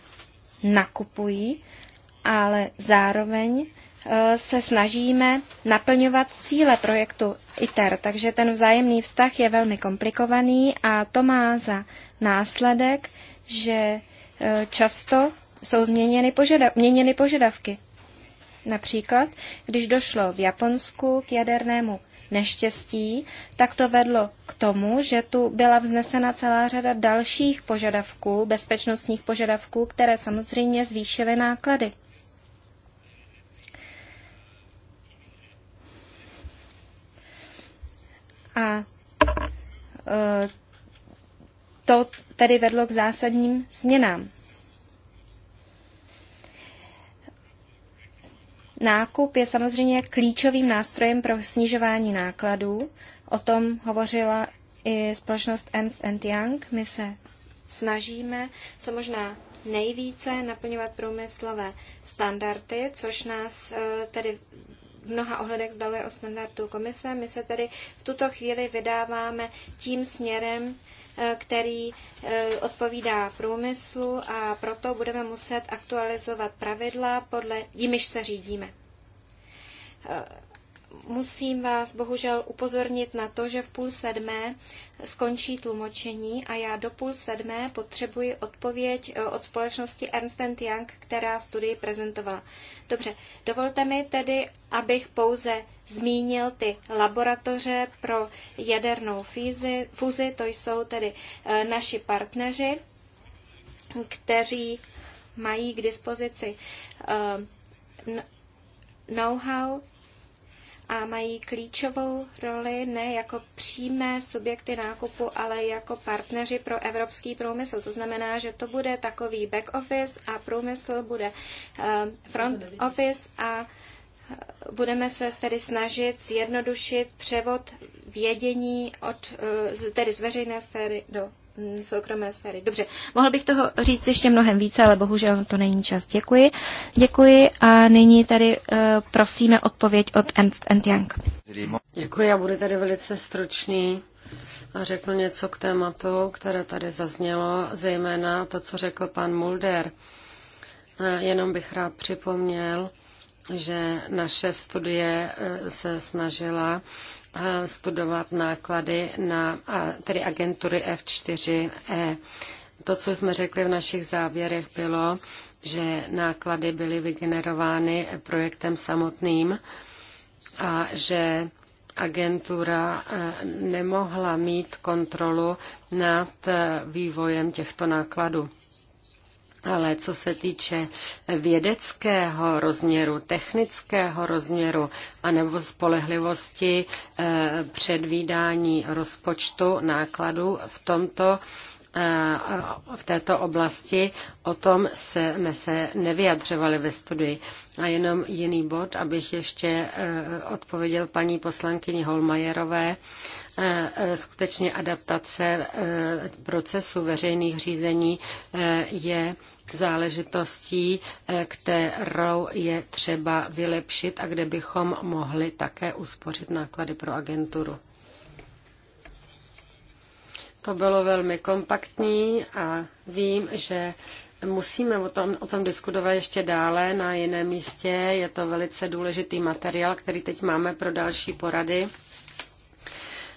nakupují, ale zároveň eh, se snažíme naplňovat cíle projektu ITER, takže ten vzájemný vztah je velmi komplikovaný a to má za následek, že eh, často jsou změněny, požadav- měněny požadavky. Například, když došlo v Japonsku k jadernému neštěstí, tak to vedlo k tomu, že tu byla vznesena celá řada dalších požadavků, bezpečnostních požadavků, které samozřejmě zvýšily náklady. A e, to tedy vedlo k zásadním změnám. Nákup je samozřejmě klíčovým nástrojem pro snižování nákladů. O tom hovořila i společnost Ernst Young. My se snažíme co možná nejvíce naplňovat průmyslové standardy, což nás e, tedy v mnoha ohledech zdaluje o standardu komise. My se tedy v tuto chvíli vydáváme tím směrem, Eh, který eh, odpovídá průmyslu a proto budeme muset aktualizovat pravidla, podle nimiž se řídíme. Eh, musím vás bohužel upozornit na to, že v půl sedmé skončí tlumočení a já do půl sedmé potřebuji odpověď eh, od společnosti Ernst Young, která studii prezentovala. Dobře, dovolte mi tedy, abych pouze zmínil ty laboratoře pro jadernou fízi, fuzi, to jsou tedy eh, naši partneři, kteří mají k dispozici eh, know-how a mají klíčovou roli ne jako přímé subjekty nákupu, ale jako partneři pro evropský průmysl. To znamená, že to bude takový back office a průmysl bude eh, front office a eh, budeme se tedy snažit zjednodušit převod vědění od, eh, tedy z veřejné sféry do soukromé sféry. Dobře, mohl bych toho říct ještě mnohem více, ale bohužel to není čas. Děkuji. Děkuji a nyní tady uh, prosíme odpověď od Ernst Young. Děkuji, já budu tady velice stručný a řeknu něco k tématu, které tady zaznělo, zejména to, co řekl pan Mulder. Eh, jenom bych rád připomněl, že naše studie eh, se snažila studovat náklady na tedy agentury F4E. To, co jsme řekli v našich závěrech, bylo, že náklady byly vygenerovány projektem samotným a že agentura e, nemohla mít kontrolu nad e, vývojem těchto nákladů. Ale co se týče vědeckého rozměru, technického rozměru anebo spolehlivosti eh, předvídání rozpočtu nákladů, v tomto Eh, v této oblasti, o tom jsme se nevyjadřovali ve studii. A jenom jiný bod, abych ještě eh, odpověděl paní poslankyni Holmajerové. Eh, skutečně adaptace procesu veřejných řízení je záležitostí, kterou je třeba vylepšit a kde bychom mohli také uspořit náklady pro agenturu. To bylo velmi kompaktní a vím, že musíme o tom, o tom diskutovat ještě dále na jiném místě. Je to velice důležitý materiál, který teď máme pro další porady.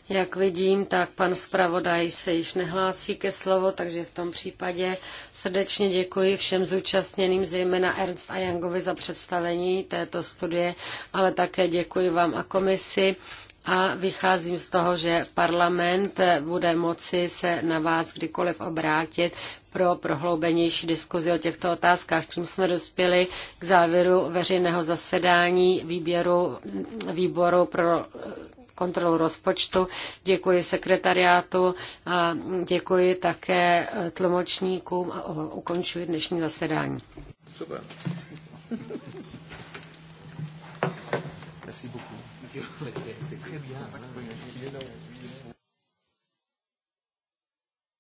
Jak vidím, tak pan zpravodaj se již nehlásí ke slovo, takže v tom případě srdečně děkuji všem zúčastněným, zejména Ernst a Jangovi za představení této studie, ale také děkuji vám a komisi a vycházím z toho, že parlament bude moci se na vás kdykoliv obrátit pro prohloubenější diskuzi o těchto otázkách. Tím jsme dospěli k závěru veřejného zasedání výběru, výboru pro kontrolu rozpočtu. Děkuji sekretariátu a děkuji také tlumočníkům a ukončuji dnešní zasedání. Super. Thank you. C'était très bien.